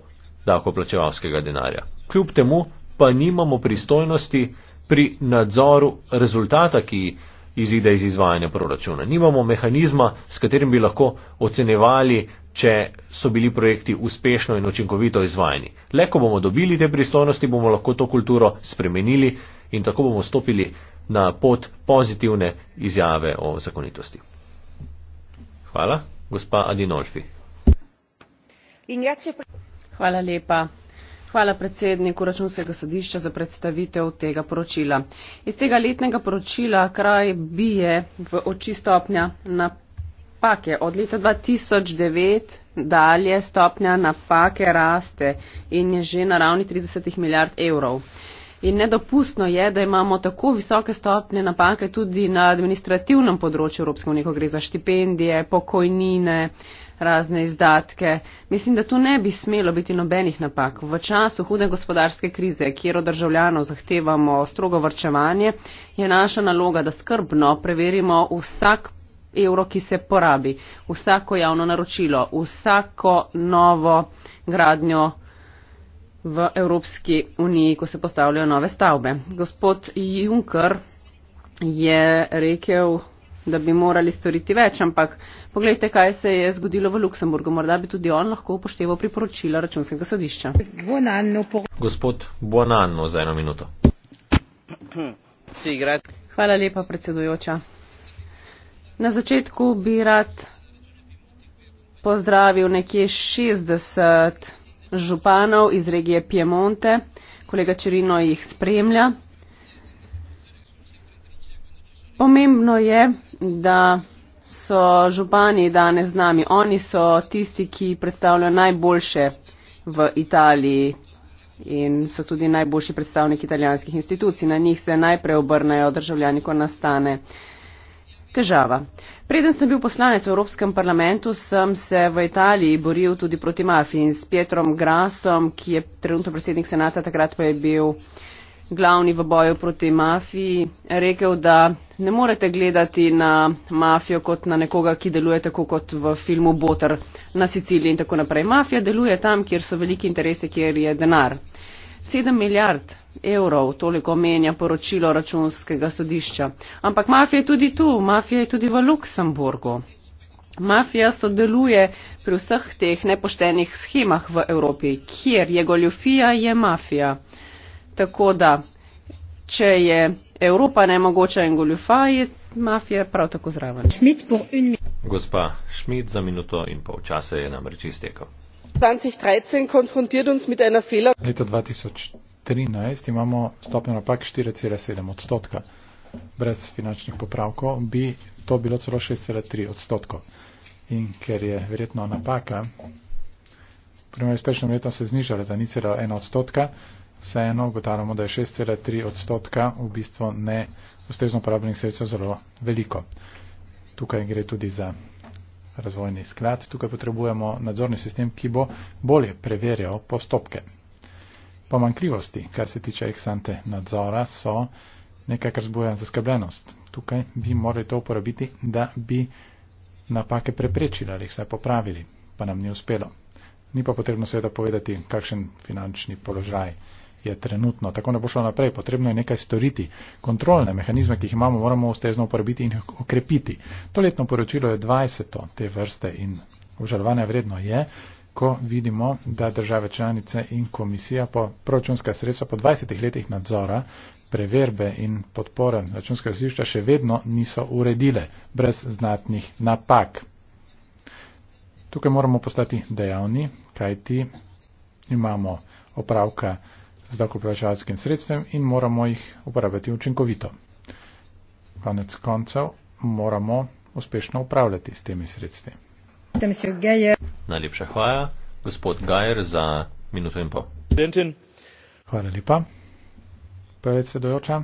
davkoplačevalskega denarja. Kljub temu pa nimamo pristojnosti pri nadzoru rezultata, ki izide iz izvajanja proračuna. Nimamo mehanizma, s katerim bi lahko ocenevali, če so bili projekti uspešno in učinkovito izvajani. Le ko bomo dobili te pristojnosti, bomo lahko to kulturo spremenili in tako bomo stopili na pot pozitivne izjave o zakonitosti. Hvala. Hvala lepa. Hvala predsedniku računskega sodišča za predstavitev tega poročila. Iz tega letnega poročila kraj bije v oči stopnja napake. Od leta 2009 dalje stopnja napake raste in je že na ravni 30 milijard evrov. In nedopustno je, da imamo tako visoke stopne napake tudi na administrativnem področju Evropske unije, ko gre za štipendije, pokojnine, razne izdatke. Mislim, da tu ne bi smelo biti nobenih napak. V času hude gospodarske krize, kjer od državljanov zahtevamo strogo vrčevanje, je naša naloga, da skrbno preverimo vsak evro, ki se porabi, vsako javno naročilo, vsako novo gradnjo v Evropski uniji, ko se postavljajo nove stavbe. Gospod Juncker je rekel, da bi morali storiti več, ampak pogledajte, kaj se je zgodilo v Luksemburgu. Morda bi tudi on lahko upošteval priporočila računskega sodišča. Gospod Buonanno za eno minuto. Hvala lepa, predsedujoča. Na začetku bi rad pozdravil nekje 60 županov iz regije Piemonte. Kolega Čerino jih spremlja. Pomembno je, da so župani danes z nami. Oni so tisti, ki predstavljajo najboljše v Italiji in so tudi najboljši predstavniki italijanskih institucij. Na njih se najprej obrnejo državljani, ko nastane uh, težava. Preden sem bil poslanec v Evropskem parlamentu, sem se v Italiji boril tudi proti mafiji in s Pietrom Grasom, ki je trenutno predsednik senata, takrat pa je bil glavni v boju proti mafiji, rekel, da ne morete gledati na mafijo kot na nekoga, ki deluje tako kot v filmu Botr na Siciliji in tako naprej. Mafija deluje tam, kjer so veliki interese, kjer je denar sedem milijard evrov, toliko menja poročilo računskega sodišča. Ampak mafija je tudi tu, mafija je tudi v Luksemburgu. Mafija sodeluje pri vseh teh nepoštenih schemah v Evropi, kjer je goljofija, je mafija. Tako da, če je Evropa nemogoča in goljofa, je mafija prav tako zraven. Gospa Šmit za minuto in pol časa je namreč iztekel zweitausenddreizehn konfrontiert uns mit einer Fehler. Leto 2013 imamo stopnjo napak 4,7 odstotka. Brez finančnih popravkov bi to bilo celo 6,3 odstotkov. In ker je verjetno napaka, primer uspešnem letu se znižala za 0,1 odstotka, vseeno ugotavljamo, da je 6,3 odstotka v bistvu ne ustrezno porabljenih sredstev zelo veliko. Tukaj gre tudi za razvojni sklad. Tukaj potrebujemo nadzorni sistem, ki bo bolje preverjal postopke. Pomankljivosti, kar se tiče eksante nadzora, so nekaj, kar zbuja zaskrbljenost. Tukaj bi morali to uporabiti, da bi napake preprečili ali jih vse popravili, pa nam ni uspelo. Ni pa potrebno seveda povedati, kakšen finančni položaj. Uh, je trenutno. Tako ne bo šlo naprej, potrebno je nekaj storiti. Kontrolne mehanizme, ki jih imamo, moramo ustrezno uporabiti in okrepiti. To letno poročilo je 20. te vrste in obžalovanja vredno je, ko vidimo, da države članice in komisija po proračunska sredstva po 20 letih nadzora preverbe in podpore računskega sodišča še vedno niso uredile brez znatnih napak. Tukaj moramo postati dejavni, kajti imamo opravka z dokoplačalskim sredstvem in moramo jih uporabljati učinkovito. Konec koncev moramo uspešno upravljati s temi sredstvi. Najlepša hvala, gospod Gajer, za minuto in pol. Hvala lepa, predsedojoča,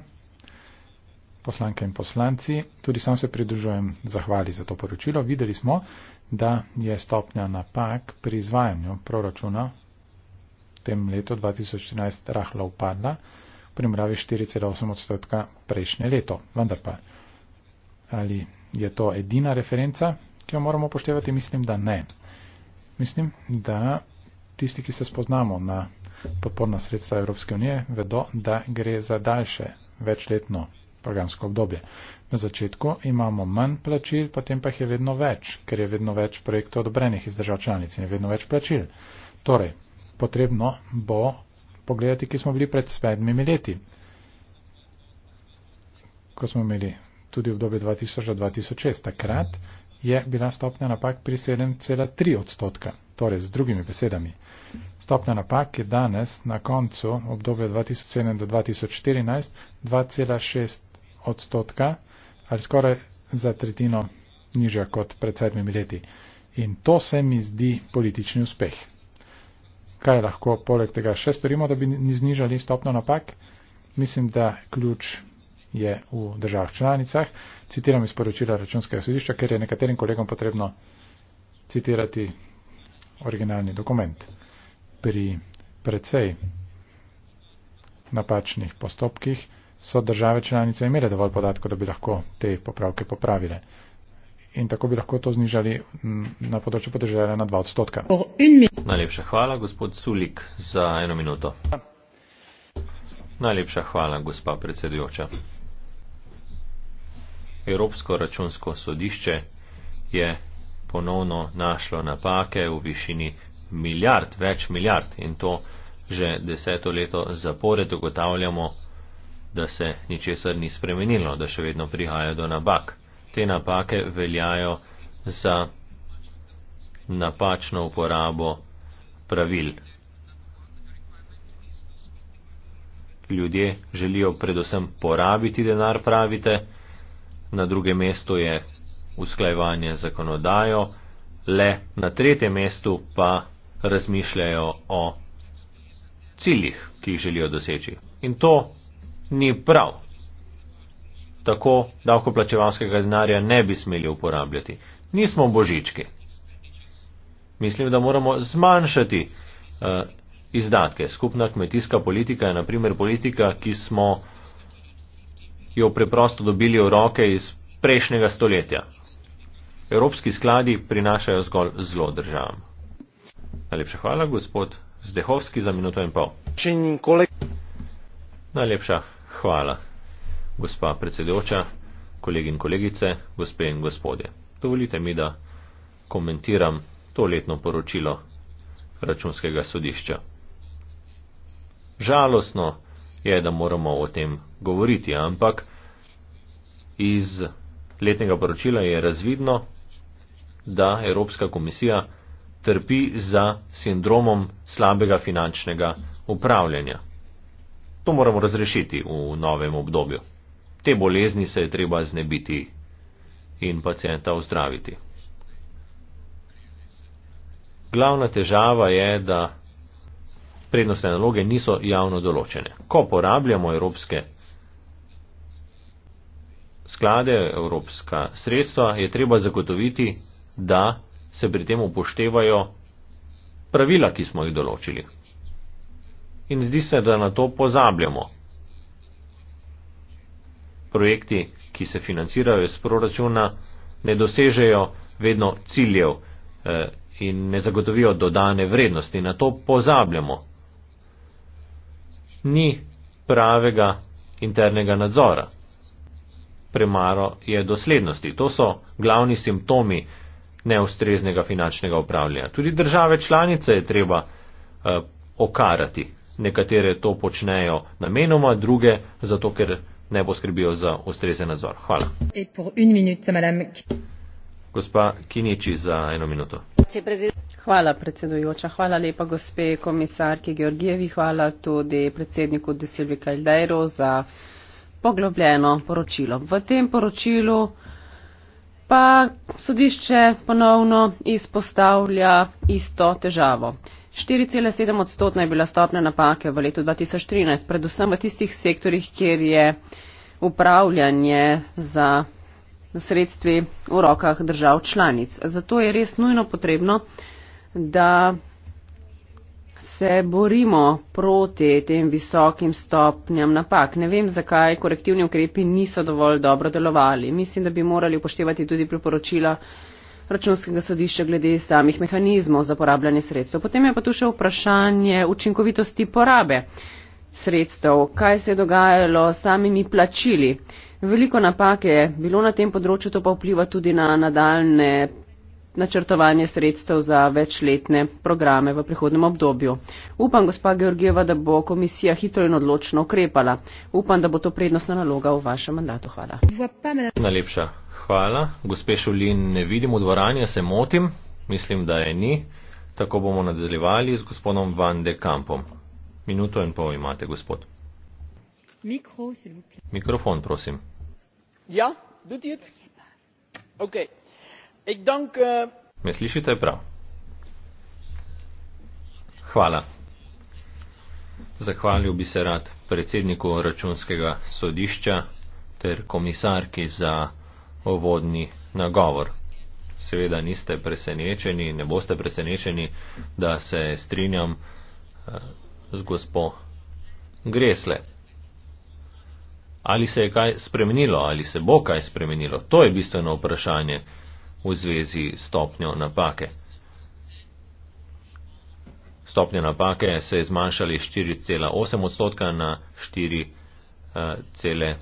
poslanke in poslanci. Tudi sam se pridružujem zahvali za to poročilo. Videli smo, da je stopnja napak pri izvajanju proračuna tem letu 2013 rahlo upadla, v primerjavi 4,8 odstotka prejšnje leto. Vendar pa, ali je to edina referenca, ki jo moramo upoštevati, mislim, da ne. Mislim, da tisti, ki se spoznamo na podporna sredstva Evropske unije, vedo, da gre za daljše večletno programsko obdobje. Na začetku imamo manj plačil, potem pa jih je vedno več, ker je vedno več projektov odobrenih iz držav članic in je vedno več plačil. Torej, potrebno bo pogledati, ki smo bili pred sedmimi leti, ko smo imeli tudi obdobje 2000-2006. Takrat je bila stopnja napak pri 7,3 odstotka. Torej, z drugimi besedami, stopnja napak je danes na koncu obdobja 2007-2014 2,6 odstotka ali skoraj za tretjino nižja kot pred sedmimi leti. In to se mi zdi politični uspeh kaj lahko poleg tega še storimo, da bi znižali stopno napak? Mislim, da ključ je v državah članicah. Citiram iz poročila računskega sodišča, ker je nekaterim kolegom potrebno citirati originalni dokument pri precej napačnih postopkih so države članice imele dovolj podatkov, da bi lahko te popravke popravile in tako bi lahko to znižali mm, na področju podeželja na 2 odstotka. Najlepša hvala, gospod Sulik, za eno minuto. Najlepša hvala, gospa predsedujoča. Evropsko računsko sodišče je ponovno našlo napake v višini milijard, več milijard in to že deseto leto zapored ugotavljamo, da se ničesar ni spremenilo, da še vedno prihaja do napak te napake veljajo za napačno uporabo pravil. Ljudje želijo predvsem porabiti denar, pravite, na drugem mestu je usklajevanje zakonodajo, le na tretjem mestu pa razmišljajo o ciljih, ki jih želijo doseči. In to ni prav, tako davkoplačevalskega denarja ne bi smeli uporabljati. Nismo božički. Mislim, da moramo zmanjšati uh, izdatke. Skupna kmetijska politika je naprimer politika, ki smo jo preprosto dobili v roke iz prejšnjega stoletja. Evropski skladi prinašajo zgolj zlo državam. Najlepša hvala, gospod Zdehovski, za minuto in pol. Najlepša hvala gospa predsedujoča, kolegi in kolegice, gospe in gospodje. Dovolite mi, da komentiram to letno poročilo računskega sodišča. Žalostno je, da moramo o tem govoriti, ampak iz letnega poročila je razvidno, da Evropska komisija trpi za sindromom slabega finančnega upravljanja. To moramo razrešiti v novem obdobju te bolezni se je treba znebiti in pacijenta ozdraviti. Glavna težava je, da prednostne naloge niso javno določene. Ko porabljamo evropske sklade, evropska sredstva, je treba zagotoviti, da se pri tem upoštevajo pravila, ki smo jih določili. In zdi se, da na to pozabljamo projekti, ki se financirajo iz proračuna, ne dosežejo vedno ciljev eh, in ne zagotovijo dodane vrednosti. Na to pozabljamo. Ni pravega internega nadzora. Premaro je doslednosti. To so glavni simptomi neustreznega finančnega upravljanja. Tudi države članice je treba eh, okarati. Nekatere to počnejo namenoma, druge zato, ker ne poskrbijo za ustrezen nadzor. Hvala. Gospa Kiniči za eno minuto. Hvala predsedujoča, hvala lepa gospe komisarki Georgijevi, hvala tudi predsedniku Desilvi Kaldajro za poglobljeno poročilo. V tem poročilu pa sodišče ponovno izpostavlja isto težavo. 4,7 odstotna je bila stopna napake v letu 2013, predvsem v tistih sektorjih, kjer je upravljanje za sredstvi v rokah držav članic. Zato je res nujno potrebno, da se borimo proti tem visokim stopnjam napak. Ne vem, zakaj korektivni ukrepi niso dovolj dobro delovali. Mislim, da bi morali upoštevati tudi priporočila računskega sodišča glede samih mehanizmov za porabljanje sredstev. Potem je pa tu še vprašanje učinkovitosti porabe sredstev, kaj se je dogajalo s samimi plačili. Veliko napak je bilo na tem področju, to pa vpliva tudi na nadaljne načrtovanje sredstev za večletne programe v prihodnem obdobju. Upam, gospa Georgieva, da bo komisija hitro in odločno ukrepala. Upam, da bo to prednostna naloga v vašem mandatu. Hvala. Hvala. Gospe Šulin, ne vidim v dvorani, se motim. Mislim, da je ni. Tako bomo nadaljevali z gospodom Van de Kampom. Minuto in pol imate, gospod. Mikro, Mikrofon, prosim. Ja, tudi jaz. Ok. Dank, uh... Me slišite prav? Hvala. Zahvalil bi se rad predsedniku računskega sodišča ter komisarki za ovodni nagovor. Seveda niste presenečeni, ne boste presenečeni, da se strinjam eh, z gospo Gresle. Ali se je kaj spremenilo, ali se bo kaj spremenilo, to je bistveno vprašanje v zvezi s stopnjo napake. Stopnja napake se je zmanjšala iz 4,8 odstotka na 4,8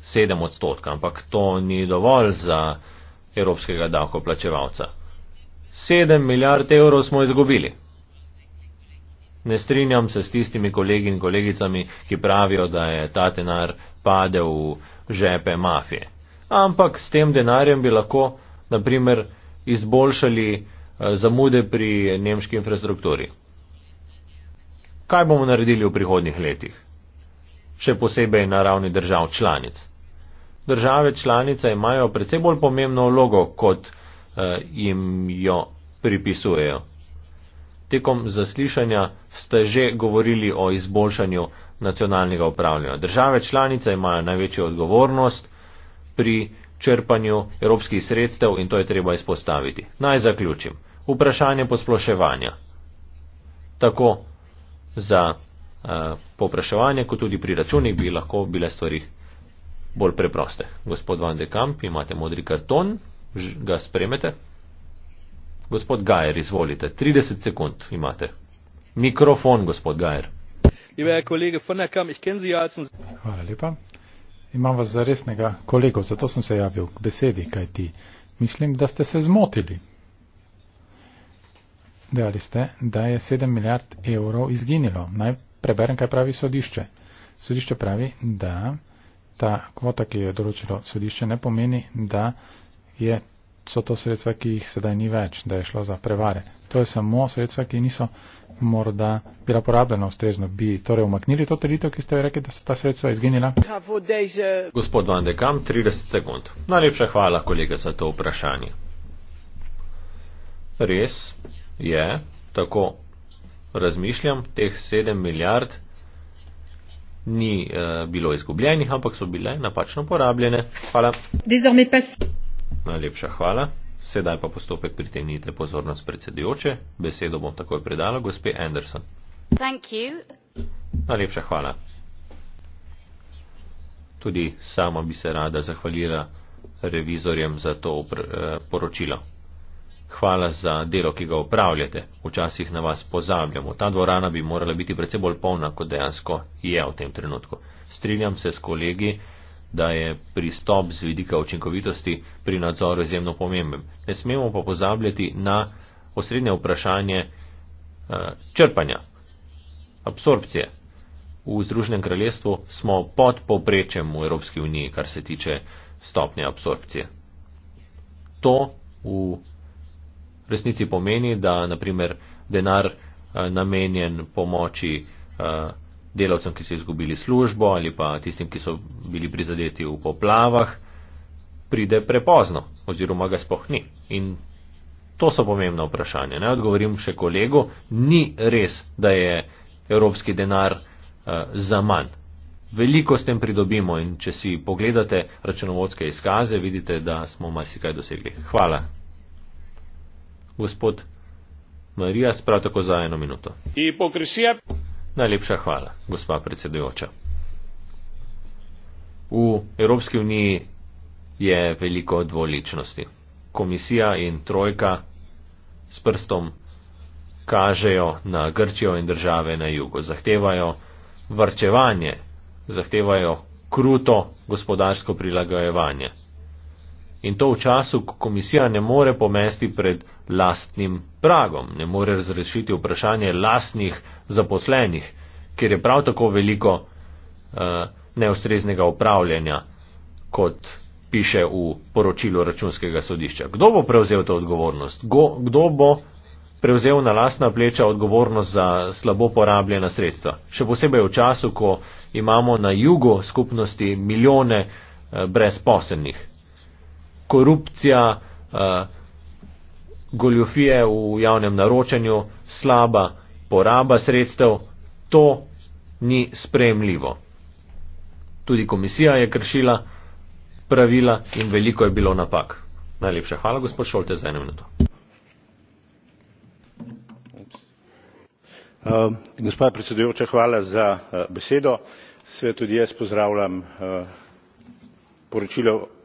sedem odstotka, ampak to ni dovolj za evropskega davkoplačevalca. Sedem milijard evrov smo izgubili. Ne strinjam se s tistimi kolegi in kolegicami, ki pravijo, da je ta denar padel v žepe mafije. Ampak s tem denarjem bi lahko, naprimer, izboljšali eh, zamude pri nemški infrastrukturi. Kaj bomo naredili v prihodnih letih? Še posebej na ravni držav članic države članice imajo precej bolj pomembno vlogo, kot eh, jim jo pripisujejo. Tekom zaslišanja ste že govorili o izboljšanju nacionalnega upravljanja. Države članice imajo največjo odgovornost pri črpanju evropskih sredstev in to je treba izpostaviti. Naj zaključim. Vprašanje posploševanja. Tako za eh, popraševanje, kot tudi pri računih bi lahko bile stvari bolj preproste. Gospod Van de Kamp, imate modri karton, ga spremete. Gospod Gajer, izvolite, 30 sekund imate. Mikrofon, gospod Gajer. Ja Hvala lepa. Imam vas za resnega kolego, zato sem se javil k besedi, kaj ti. Mislim, da ste se zmotili. Dejali ste, da je 7 milijard evrov izginilo. Naj preberem, kaj pravi sodišče. Sodišče pravi, da ta kvota, ki jo je določilo sodišče, ne pomeni, da je, so to sredstva, ki jih sedaj ni več, da je šlo za prevare. To je samo sredstva, ki niso morda bila porabljena ustrezno. Bi torej umaknili to trditev, ki ste jo rekli, da so ta sredstva izginila? Gospod Van de Kam, 30 sekund. Najlepša hvala, kolega, za to vprašanje. Res je, tako razmišljam, teh 7 milijard ni eh, bilo izgubljenih, ampak so bile napačno porabljene. Hvala. Najlepša hvala. Sedaj pa postopek pritegnite pozornost predsedujoče. Besedo bom takoj predala gospe Anderson. Najlepša hvala. Tudi sama bi se rada zahvalila revizorjem za to eh, poročilo. Hvala za delo, ki ga upravljate. Včasih na vas pozabljamo. Ta dvorana bi morala biti precej bolj polna, kot dejansko je v tem trenutku. Strinjam se s kolegi, da je pristop z vidika učinkovitosti pri nadzoru izjemno pomemben. Ne smemo pa pozabljati na osrednje vprašanje eh, črpanja, absorpcije. V Združenem kraljestvu smo pod povprečjem v Evropski uniji, kar se tiče stopnje absorpcije. To v resnici pomeni, da naprimer denar eh, namenjen pomoči eh, delavcem, ki so izgubili službo ali pa tistim, ki so bili prizadeti v poplavah, pride prepozno oziroma ga sploh ni. In to so pomembna vprašanja. Ne odgovorim še kolegu, ni res, da je evropski denar eh, za manj. Veliko s tem pridobimo in če si pogledate računovodske izkaze, vidite, da smo marsikaj dosegli. Hvala gospod Marija, sprav tako za eno minuto. Hipokrisija. Najlepša hvala, gospa predsedujoča. V Evropski uniji je veliko dvoličnosti. Komisija in trojka s prstom kažejo na Grčijo in države na jugu. Zahtevajo vrčevanje, zahtevajo kruto gospodarsko prilagajevanje in to v času, ko komisija ne more pomesti pred lastnim pragom, ne more razrešiti vprašanje lastnih zaposlenih, kjer je prav tako veliko uh, neustreznega upravljanja, kot piše v poročilu računskega sodišča. Kdo bo prevzel to odgovornost? Kdo bo prevzel na lastna pleča odgovornost za slabo porabljena sredstva? Še posebej v času, ko imamo na jugu skupnosti milijone eh, brezposelnih korupcija, eh, goljofije v javnem naročanju, slaba poraba sredstev, to ni spremljivo. Tudi komisija je kršila pravila in veliko je bilo napak. Najlepša hvala, gospod Šolte, za eno minuto. Uh, gospa predsedujoča, hvala za uh, besedo. Sve tudi jaz pozdravljam uh, poročilo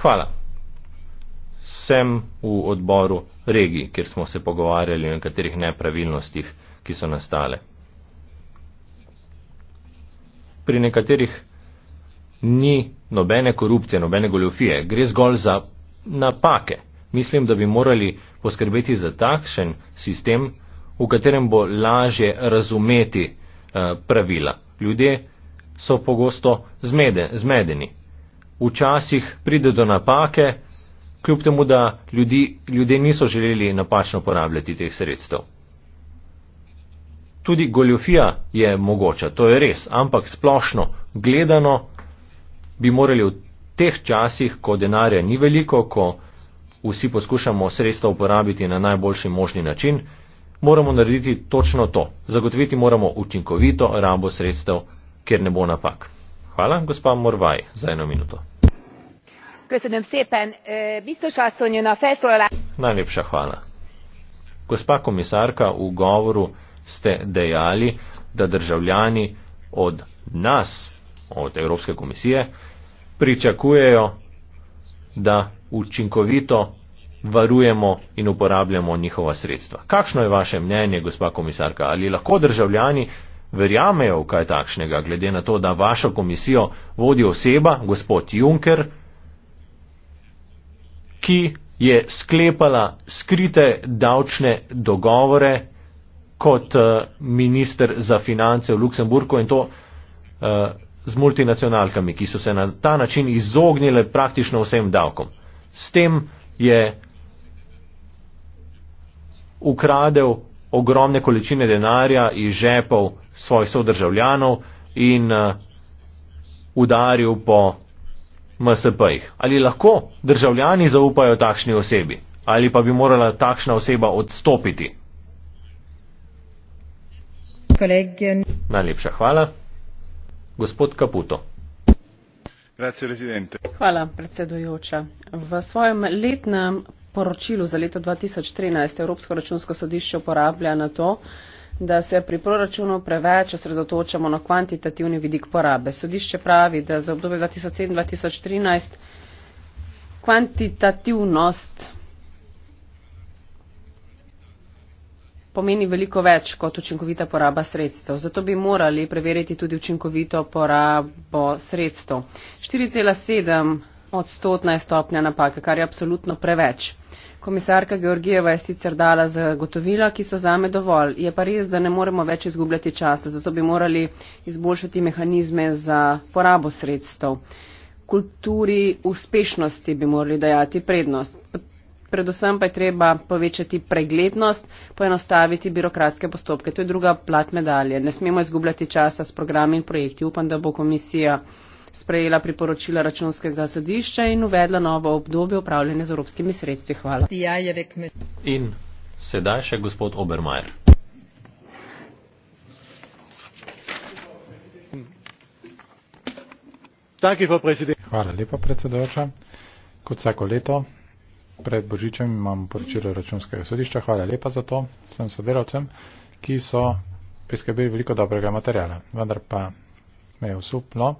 hvala sem v odboru regij kjer smo se pogovarjali o nekaterih nepravilnostih ki so nastale pri nekaterih ni nobene korupcije nobene goljofije gre zgolj za napake mislim da bi morali poskrbeti za takšen sistem v katerem bo lažje razumeti eh, pravila ljudje so pogosto zmede, zmedeni. Včasih pride do napake, kljub temu, da ljudi, ljudje niso želeli napačno porabljati teh sredstev. Tudi goljofija je mogoča, to je res, ampak splošno gledano bi morali v teh časih, ko denarja ni veliko, ko vsi poskušamo sredstva uporabiti na najboljši možni način, moramo narediti točno to. Zagotoviti moramo učinkovito rabo sredstev, kjer ne bo napak. Hvala, gospa Morvaj, za eno minuto. Köszönöm szépen, biztos asszony, a felszólalás. Najlepša hvala. Gospa komisarka, v govoru ste dejali, da državljani od nas, od Evropske komisije, pričakujejo, da učinkovito varujemo in uporabljamo njihova sredstva. Kakšno je vaše mnenje, gospa komisarka? Ali lahko državljani verjamejo v kaj takšnega, glede na to, da vašo komisijo vodi oseba, gospod Juncker, ki je sklepala skrite davčne dogovore kot eh, minister za finance v Luksemburgu in to eh, z multinacionalkami, ki so se na ta način izognile praktično vsem davkom. S tem je ukradel ogromne količine denarja iz žepov svojih sodržavljanov in eh, udaril po MSP-jih. Ali lahko državljani zaupajo takšni osebi? Ali pa bi morala takšna oseba odstopiti? Kolegen. Najlepša hvala. Gospod Kaputo. Hvala, predsedujoča. V svojem letnem poročilu za leto 2013 Evropsko računsko sodišče uporablja na to, da se pri proračunu preveč osredotočamo na kvantitativni vidik porabe. Sodišče pravi, da za obdobje 2007-2013 kvantitativnost pomeni veliko več kot učinkovita poraba sredstev. Zato bi morali preveriti tudi učinkovito porabo sredstev odstotna je stopnja napake, kar je absolutno preveč. Komisarka Georgijeva je sicer dala zagotovila, ki so zame dovolj. Je pa res, da ne moremo več izgubljati časa, zato bi morali izboljšati mehanizme za porabo sredstev. Kulturi uspešnosti bi morali dajati prednost. Predvsem pa je treba povečati preglednost, poenostaviti birokratske postopke. To je druga plat medalje. Ne smemo izgubljati časa s programi in projekti. Upam, da bo komisija sprejela priporočila računskega sodišča in uvedla novo obdobje upravljanja z evropskimi sredstvi. Hvala. Ja, in sedaj še gospod Obermajer. Hvala lepa, predsedujoča. Kot vsako leto, pred Božičem imam poročilo računskega sodišča. Hvala lepa za to vsem sodelavcem, ki so priskrbeli veliko dobrega materijala. Vendar pa me je osupno,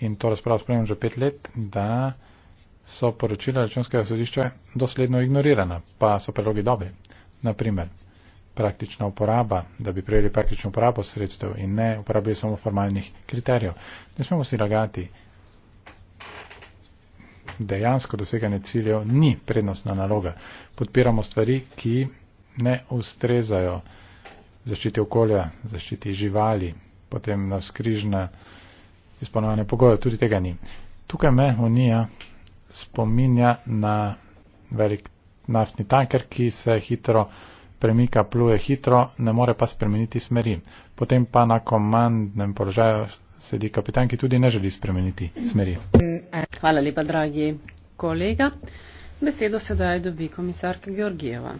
in to razpravo spremljam že pet let, da so poročila računskega sodišča dosledno ignorirana, pa so predlogi dobri. Naprimer, praktična uporaba, da bi prejeli praktično uporabo sredstev in ne uporabili samo formalnih kriterijev. Ne smemo si lagati, dejansko doseganje ciljev ni prednostna naloga. Podpiramo stvari, ki ne ustrezajo zaščiti okolja, zaščiti živali, potem nas križna izpolnjevanje pogojev, tudi tega ni. Tukaj me Unija spominja na velik naftni tanker, ki se hitro premika, pluje hitro, ne more pa spremeniti smeri. Potem pa na komandnem položaju sedi kapitan, ki tudi ne želi spremeniti smeri. Hvala lepa, dragi kolega. Besedo sedaj dobi komisarka Georgijeva.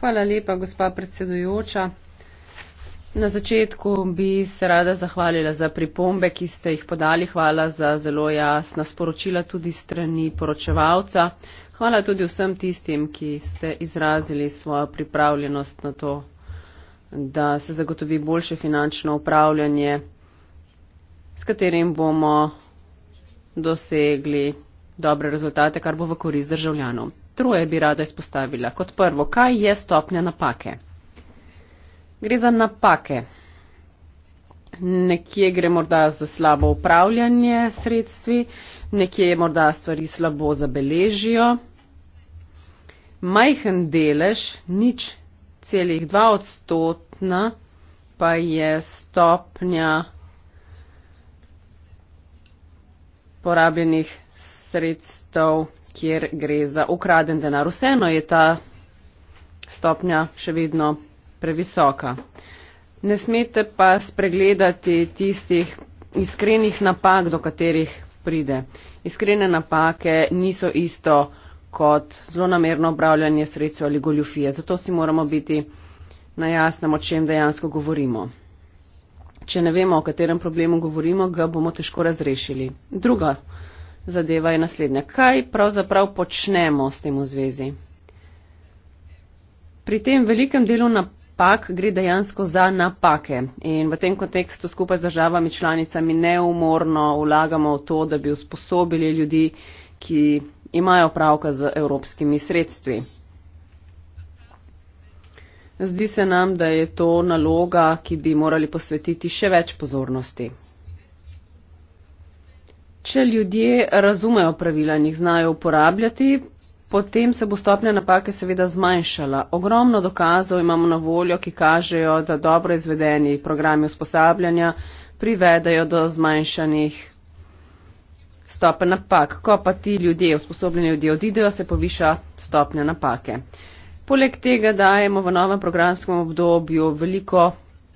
Hvala lepa, gospa predsedujoča. Na začetku bi se rada zahvalila za pripombe, ki ste jih podali. Hvala za zelo jasna sporočila tudi strani poročevalca. Hvala tudi vsem tistim, ki ste izrazili svojo pripravljenost na to, da se zagotovi boljše finančno upravljanje, s katerim bomo dosegli dobre rezultate, kar bo v korist državljanov. Troje bi rada izpostavila. Kot prvo, kaj je stopnja napake? Gre za napake. Nekje gre morda za slabo upravljanje sredstvi, nekje je morda stvari slabo zabeležijo. Majhen delež, nič celih dva odstotna, pa je stopnja porabljenih sredstev, kjer gre za ukraden denar. Vseeno je ta stopnja še vedno previsoka. Ne smete pa spregledati tistih iskrenih napak, do katerih pride. Iskrene napake niso isto kot zlonamerno obravljanje sredstva ali goljufije. Zato si moramo biti na jasnem, o čem dejansko govorimo. Če ne vemo, o katerem problemu govorimo, ga bomo težko razrešili. Druga zadeva je naslednja. Kaj pravzaprav počnemo s tem v zvezi? Pri tem velikem delu napak pak gre dejansko za napake. In v tem kontekstu skupaj z državami članicami neumorno vlagamo v to, da bi usposobili ljudi, ki imajo pravka z evropskimi sredstvi. Zdi se nam, da je to naloga, ki bi morali posvetiti še več pozornosti. Če ljudje razumejo pravila in jih znajo uporabljati, potem se bo stopnja napake seveda zmanjšala. Ogromno dokazov imamo na voljo, ki kažejo, da dobro izvedeni programi usposabljanja privedajo do zmanjšanih stopen napak. Ko pa ti ljudje, usposobljeni ljudje odidejo, se poviša stopnja napake. Poleg tega dajemo v novem programskem obdobju veliko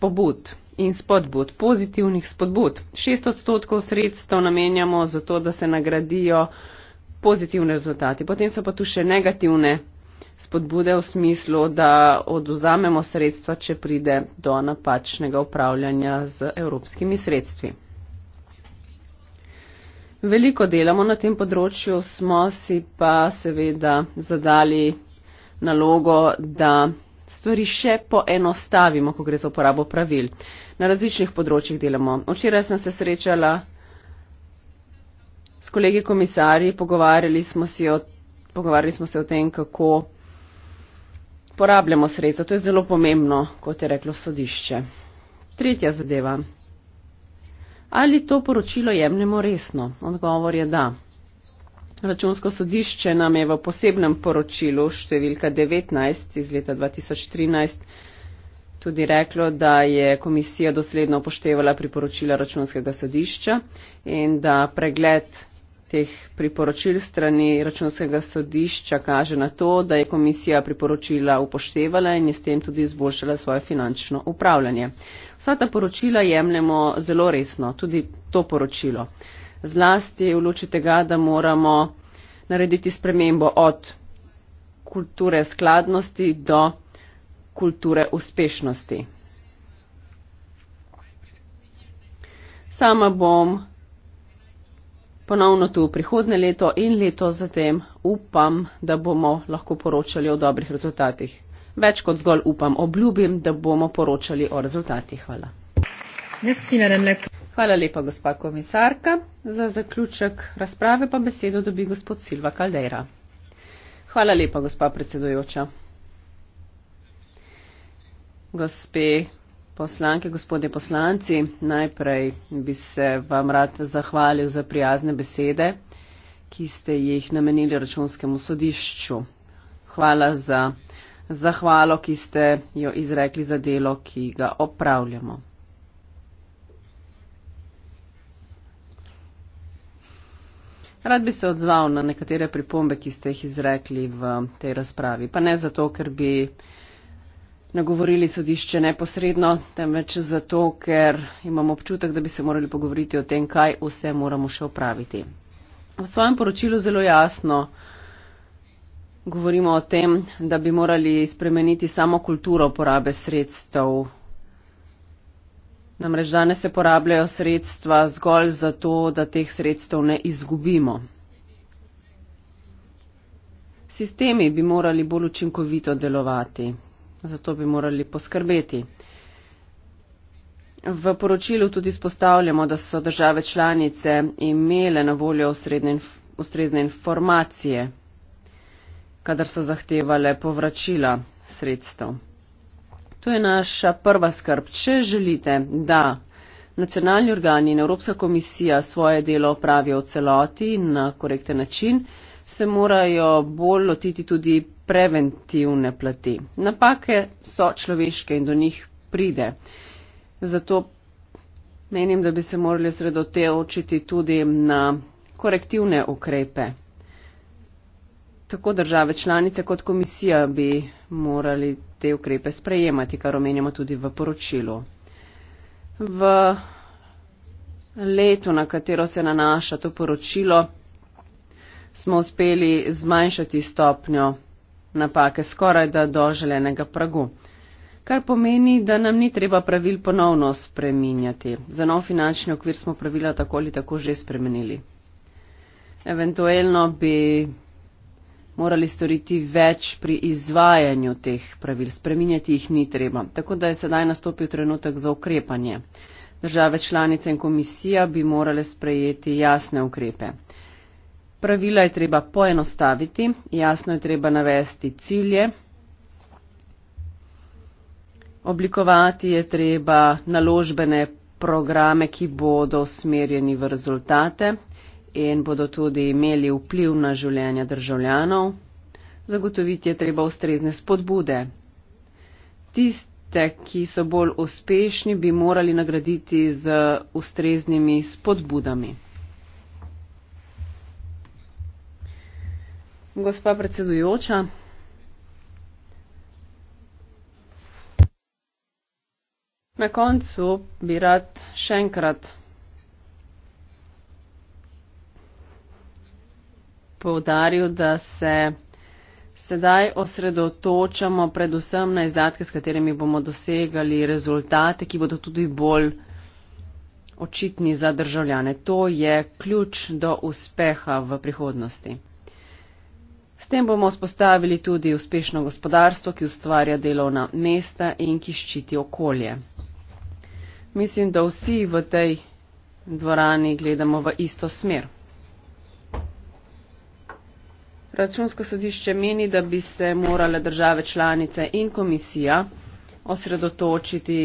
pobud in spodbud, pozitivnih spodbud. 6 odstotkov sredstev namenjamo za to, da se nagradijo pozitivni rezultati. Potem so pa tu še negativne spodbude v smislu, da oduzamemo sredstva, če pride do napačnega upravljanja z evropskimi sredstvi. Veliko delamo na tem področju, smo si pa seveda zadali nalogo, da stvari še poenostavimo, ko gre za uporabo pravil. Na različnih področjih delamo. Včeraj sem se srečala s kolegi komisarji, pogovarjali smo, o, pogovarjali smo se o tem, kako porabljamo sredstva. To je zelo pomembno, kot je reklo sodišče. Tretja zadeva. Ali to poročilo jemljemo resno? Odgovor je da. Računsko sodišče nam je v posebnem poročilu številka 19 iz leta 2013 tudi reklo, da je komisija dosledno upoštevala priporočila računskega sodišča in da pregled teh priporočil strani računskega sodišča kaže na to, da je komisija priporočila upoštevala in je s tem tudi izboljšala svoje finančno upravljanje. Vsa ta poročila jemljemo zelo resno, tudi to poročilo. Zlasti v luči tega, da moramo narediti spremembo od kulture skladnosti do kulture uspešnosti. Sama bom ponovno tu prihodne leto in leto zatem upam, da bomo lahko poročali o dobrih rezultatih. Več kot zgolj upam, obljubim, da bomo poročali o rezultatih. Hvala. Hvala lepa, gospa komisarka. Za zaključek razprave pa besedo dobi gospod Silva Kaldeira. Hvala lepa, gospa predsedujoča. Gospe poslanke, gospodje poslanci, najprej bi se vam rad zahvalil za prijazne besede, ki ste jih namenili računskemu sodišču. Hvala za zahvalo, ki ste jo izrekli za delo, ki ga opravljamo. Rad bi se odzval na nekatere pripombe, ki ste jih izrekli v tej razpravi, pa ne zato, ker bi nagovorili sodišče neposredno, temveč zato, ker imamo občutek, da bi se morali pogovoriti o tem, kaj vse moramo še upraviti. V svojem poročilu zelo jasno govorimo o tem, da bi morali spremeniti samo kulturo porabe sredstev. Namreč danes se porabljajo sredstva zgolj zato, da teh sredstev ne izgubimo. Sistemi bi morali bolj učinkovito delovati zato bi morali poskrbeti. V poročilu tudi spostavljamo, da so države članice imele na voljo ustrezne informacije, kadar so zahtevale povračila sredstev. To je naša prva skrb. Če želite, da nacionalni organi in Evropska komisija svoje delo opravijo v celoti in na korekten način, se morajo bolj lotiti tudi preventivne plati. Napake so človeške in do njih pride. Zato menim, da bi se morali sredotočiti tudi na korektivne ukrepe. Tako države članice kot komisija bi morali te ukrepe sprejemati, kar omenjamo tudi v poročilu. V letu, na katero se nanaša to poročilo, smo uspeli zmanjšati stopnjo napake skoraj da do želenega pragu. Kar pomeni, da nam ni treba pravil ponovno spreminjati. Za nov finančni okvir smo pravila tako ali tako že spremenili. Eventualno bi morali storiti več pri izvajanju teh pravil. Spreminjati jih ni treba. Tako da je sedaj nastopil trenutek za ukrepanje. Države članice in komisija bi morale sprejeti jasne ukrepe. Pravila je treba poenostaviti, jasno je treba navesti cilje, oblikovati je treba naložbene programe, ki bodo usmerjeni v rezultate in bodo tudi imeli vpliv na življenje državljanov. Zagotoviti je treba ustrezne spodbude. Tiste, ki so bolj uspešni, bi morali nagraditi z ustreznimi spodbudami. Gospa predsedujoča, na koncu bi rad še enkrat povdaril, da se sedaj osredotočamo predvsem na izdatke, s katerimi bomo dosegali rezultate, ki bodo tudi bolj očitni za državljane. To je ključ do uspeha v prihodnosti. S tem bomo vzpostavili tudi uspešno gospodarstvo, ki ustvarja delovna mesta in ki ščiti okolje. Mislim, da vsi v tej dvorani gledamo v isto smer. Računsko sodišče meni, da bi se morale države članice in komisija osredotočiti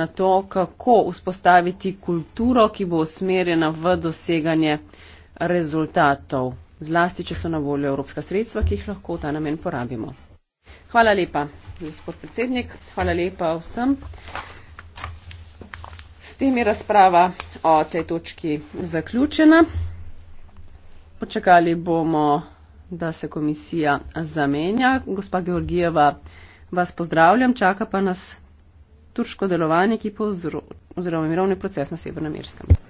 na to, kako vzpostaviti kulturo, ki bo usmerjena v doseganje rezultatov zlasti, če so na voljo evropska sredstva, ki jih lahko v ta namen porabimo. Hvala lepa, gospod predsednik. Hvala lepa vsem. S tem je razprava o tej točki zaključena. Počakali bomo, da se komisija zamenja. Gospa Georgijeva, vas pozdravljam. Čaka pa nas turško delovanje, ki povzroča oziroma mirovni proces na Severnem Irskem.